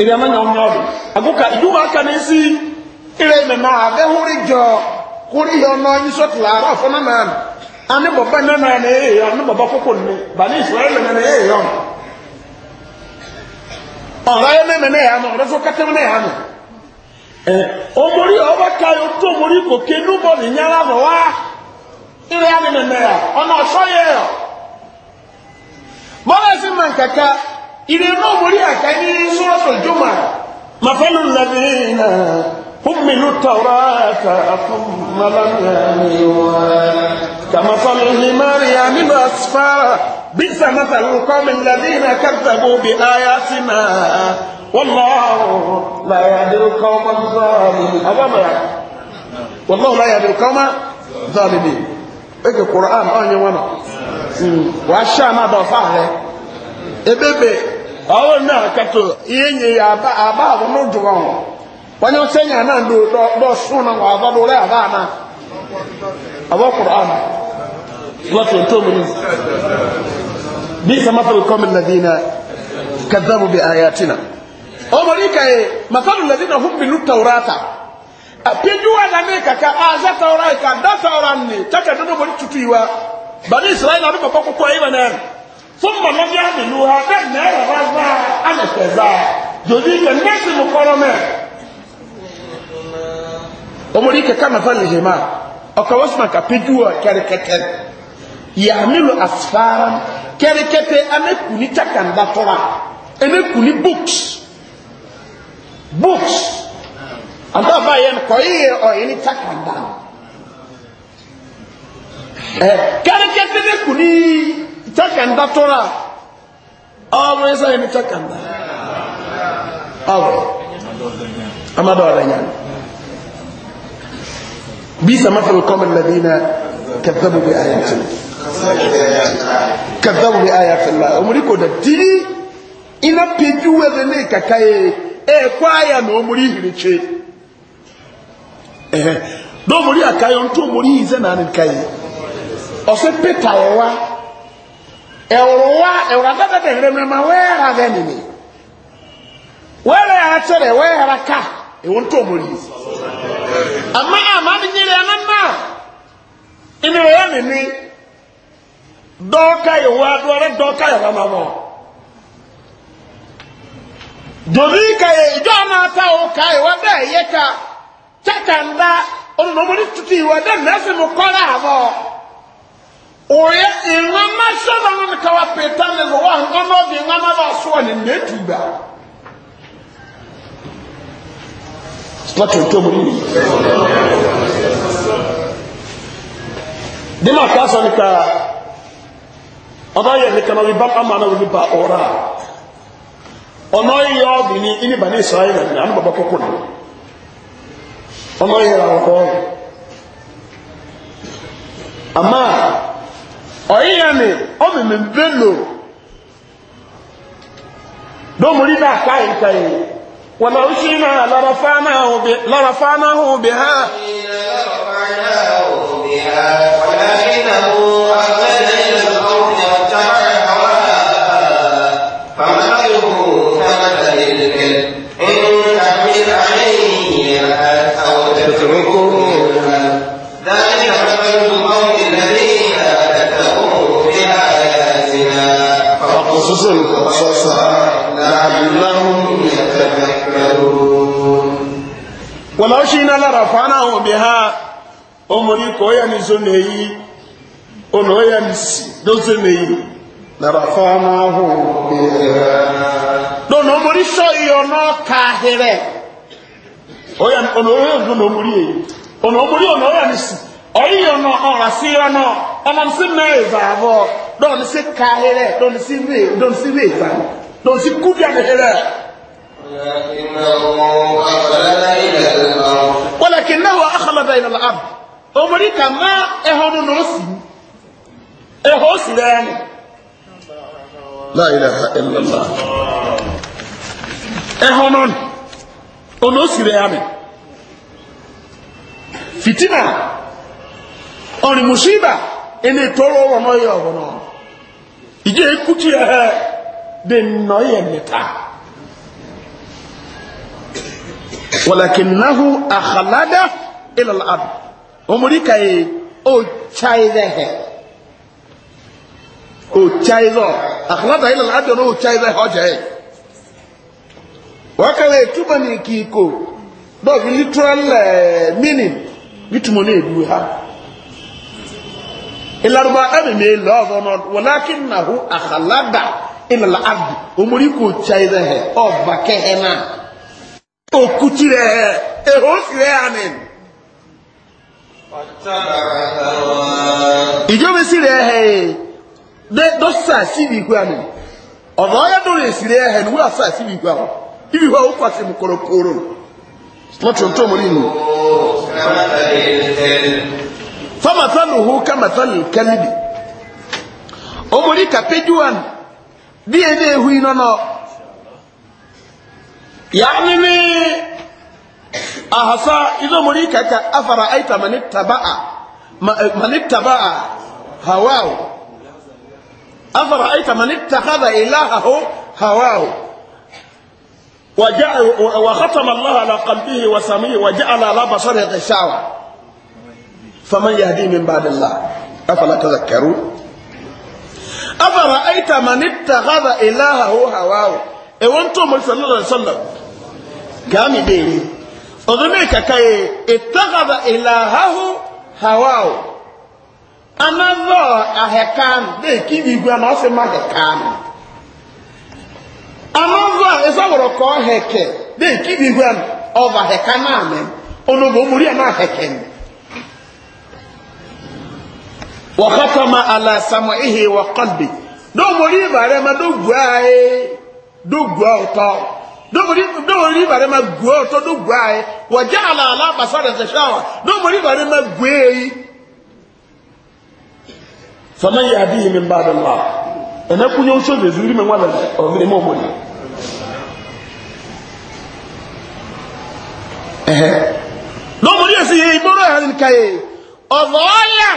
ebi ama nyɔnu nyɔnu agoka iduwa aka ne si ire a abe hori dzɔ hori yɔ nɔ nyisɔ tila ara fɔ nana ani bɔbɔ na ne ye yɔ ani bɔbɔ koko ne ba ne ne ye yɔ omori ka tó omori kò ké ìrè náà mórí àkà ní sọ́ọ̀sọ̀ jọmọ̀ màfẹ́lú lẹ́bìnà húnmínú tọ̀rọ̀ àkà fún malamiyaniwa kàmàfẹ́lú himari aminu asfara bí sàmàfẹ́lú kọ́mi lẹ́bìnà kàtàbó bí ayásínà wọ́lọ́rùn láyàdìrú kọ́mọ́ zọ́ọ̀lì abámọ́ra wọ́lọ́rùn láyàdìrú kọ́mọ́ zọ́ọ̀lì eke qur'an onye wana hmm. wa sha na ba fa re ebebe ọwọ́ náà kẹtọ ihe nye ya aba abụ n'ụdụ ọnwụ onye ọsọ enyi na ndụ dọsụ na nwa abụ ụlọ aba ana abụ kwụrụ ana lọtụ ntọ mmiri bi isa matal kọmin ladina kadabu bi ayatina ọmọ ní kàyé masalu ladina hum bi lutawrata apinduwa na ne kaka aza tawra ka da tawra ne taka dodo bori tutu iwa bani israila ọdún kọkọ kọkọ ayi wa náà fún mọ̀lẹ́bí àmìlú ha bẹ́ẹ̀ mẹ́rẹ̀ wá gbá àmẹ̀fẹ̀ gbá jòdì ìkẹ́ mẹ́sì mú kọ́rọ́ mẹ́. omori kẹkẹ mẹfà lè hèmà ọkọ wọ́n sùnmọ̀ kàpéjú wọ kẹrìkẹtẹ yàmìlú asfara kẹrìkẹtẹ amẹkùnì takanda tọ́ra amẹkùnì books books àti àbá yẹn kọ́ yíyẹ ọ̀yẹ́ ní takanda ẹ eh, kẹrìkẹtẹ mẹkùnì takanda tora ọmọ ẹsẹ ẹni takanda ọwọ amadu ọrẹnyàn bí sàmáfẹ́ kọ́mọ̀ lẹ́bí na kẹfẹ́bù bí ayé tó kẹfẹ́bù bí ayé tó la ọmọdé kò dà dìrí iná pẹ̀jú wẹ́rẹ́ ní kàkà yẹ ẹ̀ kọ́ ayé na ọmọdé yìí rẹ̀ ẹ̀hẹ́ dọ́mọdé àkàyọ̀ ntọ́ ọmọdé yìí sẹ́nà ní kàyẹ ọ̀sẹ̀ pẹ̀tà ẹ̀ wá. ẹ̀wùrùwá ẹ̀wùràtàtàtà ìrẹ̀mẹ̀mà wẹ́ẹ̀rà bẹ́ẹ̀nìní wẹ́ẹ̀rẹ̀ yàrá tẹ́lẹ̀ wẹ́ẹ̀rà ká ìwọ̀n tó mọ̀ yìí àmà àmà mi nyere ẹ̀nà náà ìní wẹ́ẹ̀ nìní dọ́ọ̀ká ìwọ́ adúlọ́rẹ́ dọ́ọ̀ká ìwọ́ máa bọ̀ dòbí kàyé ìjọ náà ka ò ká ìwọ́ bẹ́ẹ̀ yẹ ká tẹ́kà ńlá ọ̀nà oya ŋmama sɛbɛ no ne kawa peta ne zo wa no bi ŋmama ba soa ne ne tu ba na tonto mu ni de ma kaa sɔn ka ɔba yɛ ne kana bi ba ama na bi ba ɔra ɔnɔ yɛ ɔbi ni ini ba ne sɔrɔ yɛ na ani ba ba kɔkɔ na ɔnɔ yɛ ɔkɔ ama ọ̀yíyàn ni ọmọmọ bẹ́lò lómúrí náà káyìí káyìí wọ̀nà ó ṣí náà lọ́rọ̀ fánáhùn bí ha omori ko ya ni zo ne yi ono ya ni si do zo ne yi na rafa na ho do no omori so iyo no ka here o ya ono ya ya ni si oyi yo si yo no ona si me za bo do ni si ka here do ni si me do ni si me za do ni si ku ya ne ولكنه أخلد إلى الأرض omori ka ma ɛhɔ no na osi ɛhɔ osi rɛ ni. láyìnà ɛlɛlá ɛhɔ no ɔna osi rɛ ni fitina ɔni musiba ɛna etoro wɔn ɔyɛ ɔwɔ no ìdí ekutu yɛ hɛ de nnɔyɛ nita. ولكنه أخلد إلى الأرض omurika ye okyairehe okyairɔ akhlata ila ladɔ no okyairehe ɔgyɛe wakala etuma ne kiiko dɔbi literal meaning bitumo ne edu ha ilaruba ɛmi mi lɔɔzɔ nɔ wɔlaki nahu akhlata ila ladɔ omurika okyairehe ɔbakɛhɛ na okutirɛhɛ ehosirɛ amen. ìjọba esiri ehe dọ́sà síbi ìhú àná ọ̀dọ̀ ọ̀yá dọ́rọ̀ esiri ehe ní wúlò àṣà iri ìhú àwọn ibi ìhú àwọn kpọrọ. mu kọ̀rọ̀ kóró lọ́tọ̀ tó mọ̀ nínú. fọmọsánù hù kàmọsánù Omori ọmọdé kàpéjúwan ehu ahasa izo muri kaka afara aita manittaba'a manittaba'a hawahu afara aita manittakhadha ilahahu hawahu وجعل وختم الله على قلبه وسمعه وجعل على بصره غشاوة فمن يهدي من بعد الله أفلا تذكرون أفرأيت من اتخذ إلهه هواه إيه وانتم صلى الله عليه وسلم كامي ديري ọdúnmẹ́ka káyé ìtọ́kàdà ìlàháhù hawaù anáwọ̀ ahẹ̀kánù bẹ́ẹ̀ na ibi ìgbà náà ṣe má hẹ̀kánù anáwọ̀ ìsọ̀rọ̀ kọ́ hẹ̀kẹ̀ na kí ibi ìgbà ọ̀bà hẹ̀kánù àmì ọ̀nàbọ̀ omúrí ahekeni. náà Ala ni. ihe alásàmọ̀ ìhè wọ́kọ́lbì dọ́mọ̀rí ìbàrẹ̀ máa dọ́gbù ààyè dọ́gbù dɔwɔri bare ma guo to do gua ye wa jɛ ala ala basa de tɛ sa wa dɔwɔri ma a bi yi min ba dɔn ma ɛnɛ kunyɔ so de zuri mi wala ɔ mi ma mɔ ni. ɛhɛ dɔwɔri yɛ si ye iboro yɛ ka ye ɔvɔɔya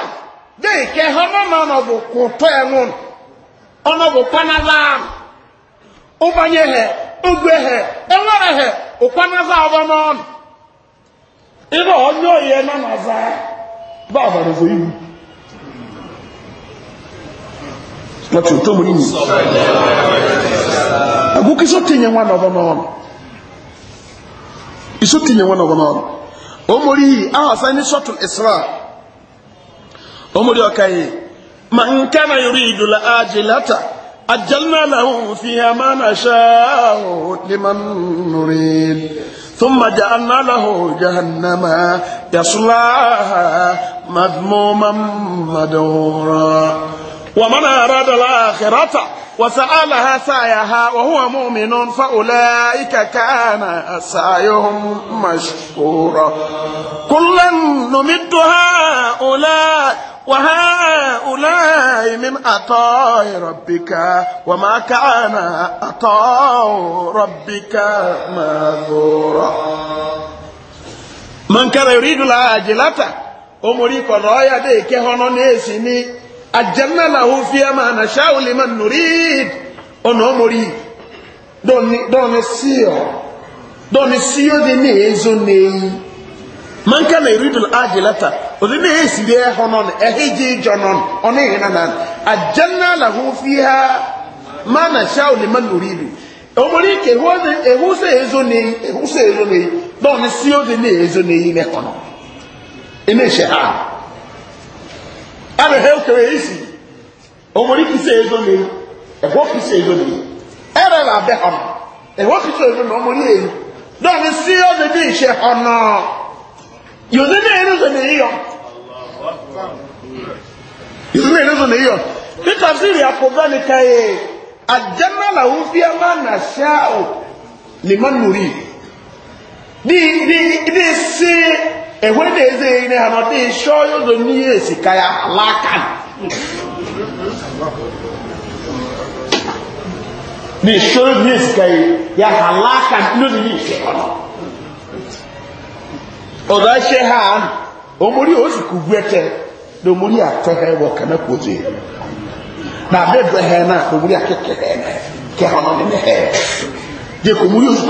ma ɔnɔ ogbehe enwerehe ụkwanaza agba n'ọnụ ịba onye oyiye na naza ba ọbara zo iwu lọtụ tó mú nínú agụkọ iso tinye nwa n'ọbọ n'ọnụ iso tinye nwa n'ọbọ n'ọnụ o mori yi ahụ asa ni sọtụ isra o mori ọka yi ma nke na yuri idula ajilata أجلنا له فيها ما نشاء لمن نريد ثم جعلنا له جهنم يصلاها مذموما مدورا ومن أراد الآخرة وسألها سعيها وهو مؤمن فأولئك كان سعيهم مشكورا كلا نمد هؤلاء وهؤلاء من عطاء ربك وما كان عطاء ربك مذورا من كان يريد العاجلة أمريكا رايا ديكي هونو نيسي àjẹ́nà làwọn fi ẹ́ máa nàṣá ò lè máa nù rí ọ̀nà ọmọrí dọ́ọ̀ni sí ọ́ dọ́ọ̀ni sí ó di ní èézó n'eyi manka na iridu aji lata òdi ní èsì rí ẹ̀ họ́ nọ́ọ̀nì ẹ̀hẹ́ jẹ́ ìjọ nọ́ọ̀nì ọ̀nà ìhìn náà nàní àjẹ́nà làwọn fi ha máa nàṣá ò lè máa nù rí ibi ọmọrí kè èhú sẹ́ èézó n'eyi èhú sẹ́ èézó n'eyi dọ́ọ̀ni sí ó di ní èézó n'eyi ní ẹ̀kọ́ náà ana hɛ kɛwɛ esi ɔmɔri kisa ezo ne ɛhɔ kisa ezo ne ɛrɛ la bɛ hɔ no ɛhɔ kisa ezo ne ɔmɔri eyi dɔw ni si ɔne bi nhyɛ hɔ no yoni ne eri zo ne yiyɔ yoni ne eri zo ne yiyɔ peter siri akɔba ne ka ye agyana la wo fi ama na hyɛ o ne ma nuri bi bi bi si. ewe na-eze ya ine ha nọta ịshọ ụzọ n'ihe esi ka ya alaka na ịshọ ụzọ esi ka ya alaka n'ụzọ ihe isi ọnụ ha omori osi kò gbu na omori atọ ha ẹwọ na abẹbẹ ha na omori akẹkẹ ha ẹnẹ kẹ ha ọnọ ha ẹ dịka omori osi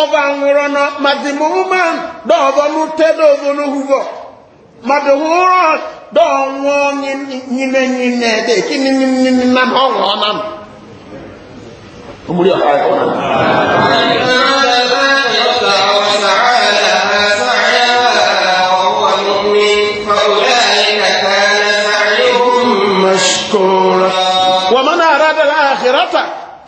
ọba nwụrụ na madimuman dọọbọ n'ute dọọbọ n'ohubo maduhuro dọọnwụọ nyine nyine dị kini nyine na ọghọ na m.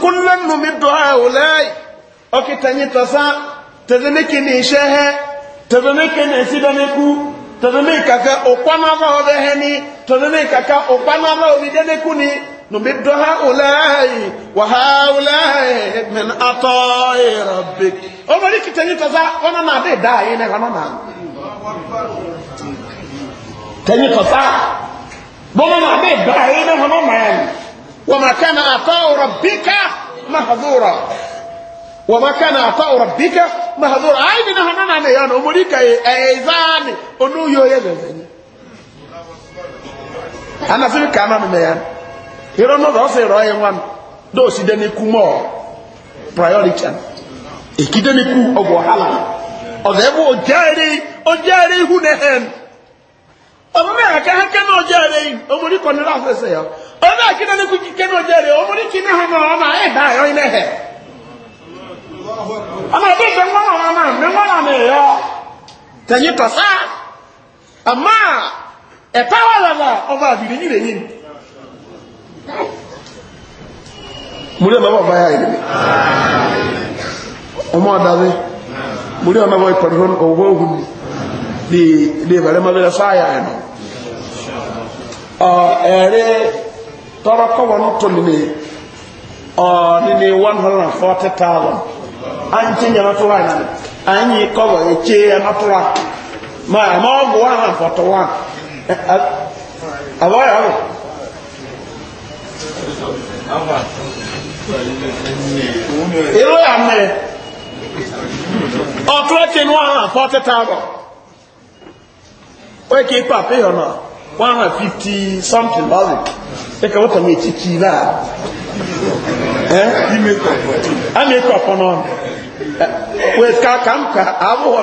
kullan numiddu haulai oki tanyi tasa tazame ke ne shehe tazame ke ne sidane ku tazame kaka okwana ba obe heni tazame kaka okwana ba obi dene ku ni نمد هؤلاء وهؤلاء من عطاء ربك أمري كتني تزا أنا نادي داي أنا أنا تني تزا بما نادي داي أنا أنا وما كان عطاء ربك محظورا وما كان عطاء ربك محظورا أي من أنا أنا يعني أمري كي أيزان يو يبزني أنا في الكلام يعني ìrọ́ náà lọ́sẹ̀ ìrọ́ ayé wọn dóò sí dẹ́nikú mọ́ priority èkí dẹ́nikú ọgbọ̀ hàlà ọ̀dọ̀ ẹ̀bù ihu nẹ́hẹ̀m ọmọ bẹ́ẹ̀ àká hẹ́kẹ́ náà ọjẹ́rì ọmọdé kọ́ ní láfẹsẹ̀ yọ ọmọ bẹ́ẹ̀ àkí dẹ́nikú kíkẹ́ náà múlẹ̀ ọmọ bá yá ìrìnlẹ̀ ọmọ ọ̀dáwé múlẹ̀ ọmọ bá ìpàdé ọgbọ́ ohun ní ìbẹ̀rẹ̀ mọ́lẹ̀ sáyà ẹ̀nà ẹ̀rẹ́ tọ́rọ kọwọ́n tó nìní ọ̀nìní 140,000 a ń tíyẹ̀ mọ́tọ́wà ìrìnlẹ̀ a ń yí kọwọ́ ẹ̀kẹ́ mọ́tọ́wà ma ẹ̀mọ́ ọgbọ̀ 141 àbọ́yà ọ̀rọ̀ ìlú àmì ọ̀tún ẹ̀kí ní wọ́n hàn fọ́tí tààrọ̀ wọ́n kí ipa àpéyàn náà wọ́n hàn fífí sọ́mtì na ẹ̀kẹ́ wọ́n a ètí na náà ẹ́ ẹ̀mẹ́kọ̀ ọ̀pọ̀ ka wọ́n ká kàmkà àbúwọ̀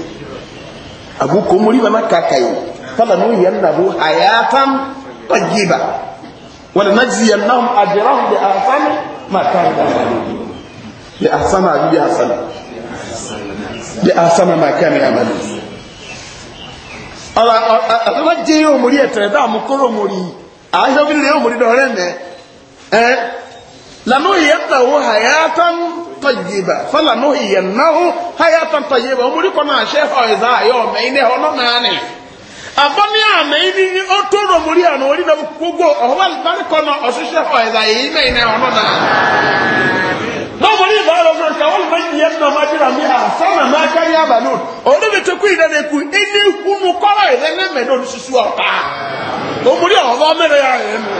abu ko muri bana kakai fala nu yanahu na tayyiba wal najziyannahum ajrahum bi ahsani ma kanu ya'malun bi ahsana bi ahsana bi ahsana ma kanu ya'malun ala ala je yo muri etere da mu koro muri a yo bi le yo muri do re ne eh la nu yanahu hayatan tọ̀yìnbà fọlá náà ìyẹn náà háyà tán tọ̀yìnbà ọmọ orí kan náà ṣe ọ̀ ẹ̀dá ayé ọ̀mẹ ilé ọ̀nà náà nì. àbọ̀mí àmì ní ní ó tó rò mórí ọ̀nà orí náà gbogbo ọ̀họ́bà lùbánikọ́ náà ọ̀ṣiṣẹ́ ọ̀ ẹ̀dá yìí ilé ilé ọ̀nà náà. lọ́wọ́rí ìbára ọ̀sán ṣe wọ́n lọ́wọ́ ìyẹn náà má jìrà mí àsánà má kárí àbànú olóbi tó kú ìdáná ilé ìkúnú kọ́rọ̀ ìdẹ́ mẹ́mẹ́ náà oníṣiṣu ọ̀tá òmùrí ọ̀họ́bà mẹ́rẹ̀ yà rẹ̀ mú.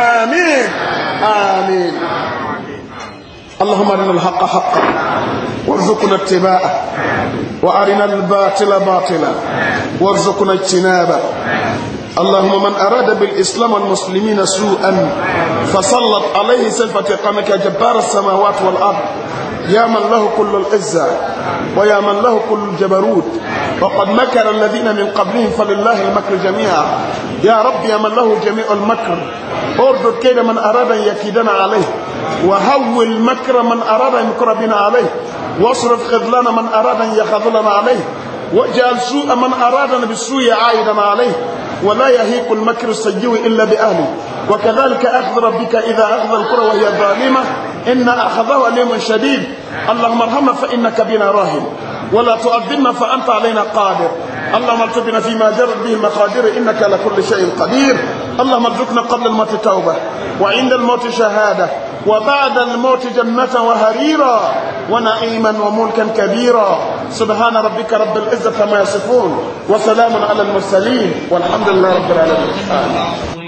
àmín àmín. اللهم ارنا الحق حقا وارزقنا اتباعه وارنا الباطل باطلا وارزقنا اجتنابه اللهم من أراد بالإسلام والمسلمين سوءا فسلط عليه سلفة قامك جبار السماوات والأرض يا من له كل العزة ويا من له كل الجبروت وقد مكر الذين من قبلهم فلله المكر جميعا يا رب يا من له جميع المكر اردد كيد من أراد أن يكيدنا عليه وهول مكر من أراد أن يكر بنا عليه واصرف خذلان من أراد أن يخذلنا عليه واجعل سوء من أرادنا بالسوء عائدا عليه ولا يهيق المكر السجيو إلا بأهله وكذلك أخذ ربك إذا أخذ القرى وهي ظالمة إن أخذه أليم شديد اللهم ارحمنا فإنك بنا راهب ولا تؤذنا فأنت علينا قادر اللهم ارتبنا فيما جرت به المقادير إنك على كل شيء قدير اللهم ارزقنا قبل الموت توبة وعند الموت شهادة وبعد الموت جنة وهريرا ونعيما وملكا كبيرا سبحان ربك رب العزة كما يصفون وسلام على المرسلين والحمد لله رب العالمين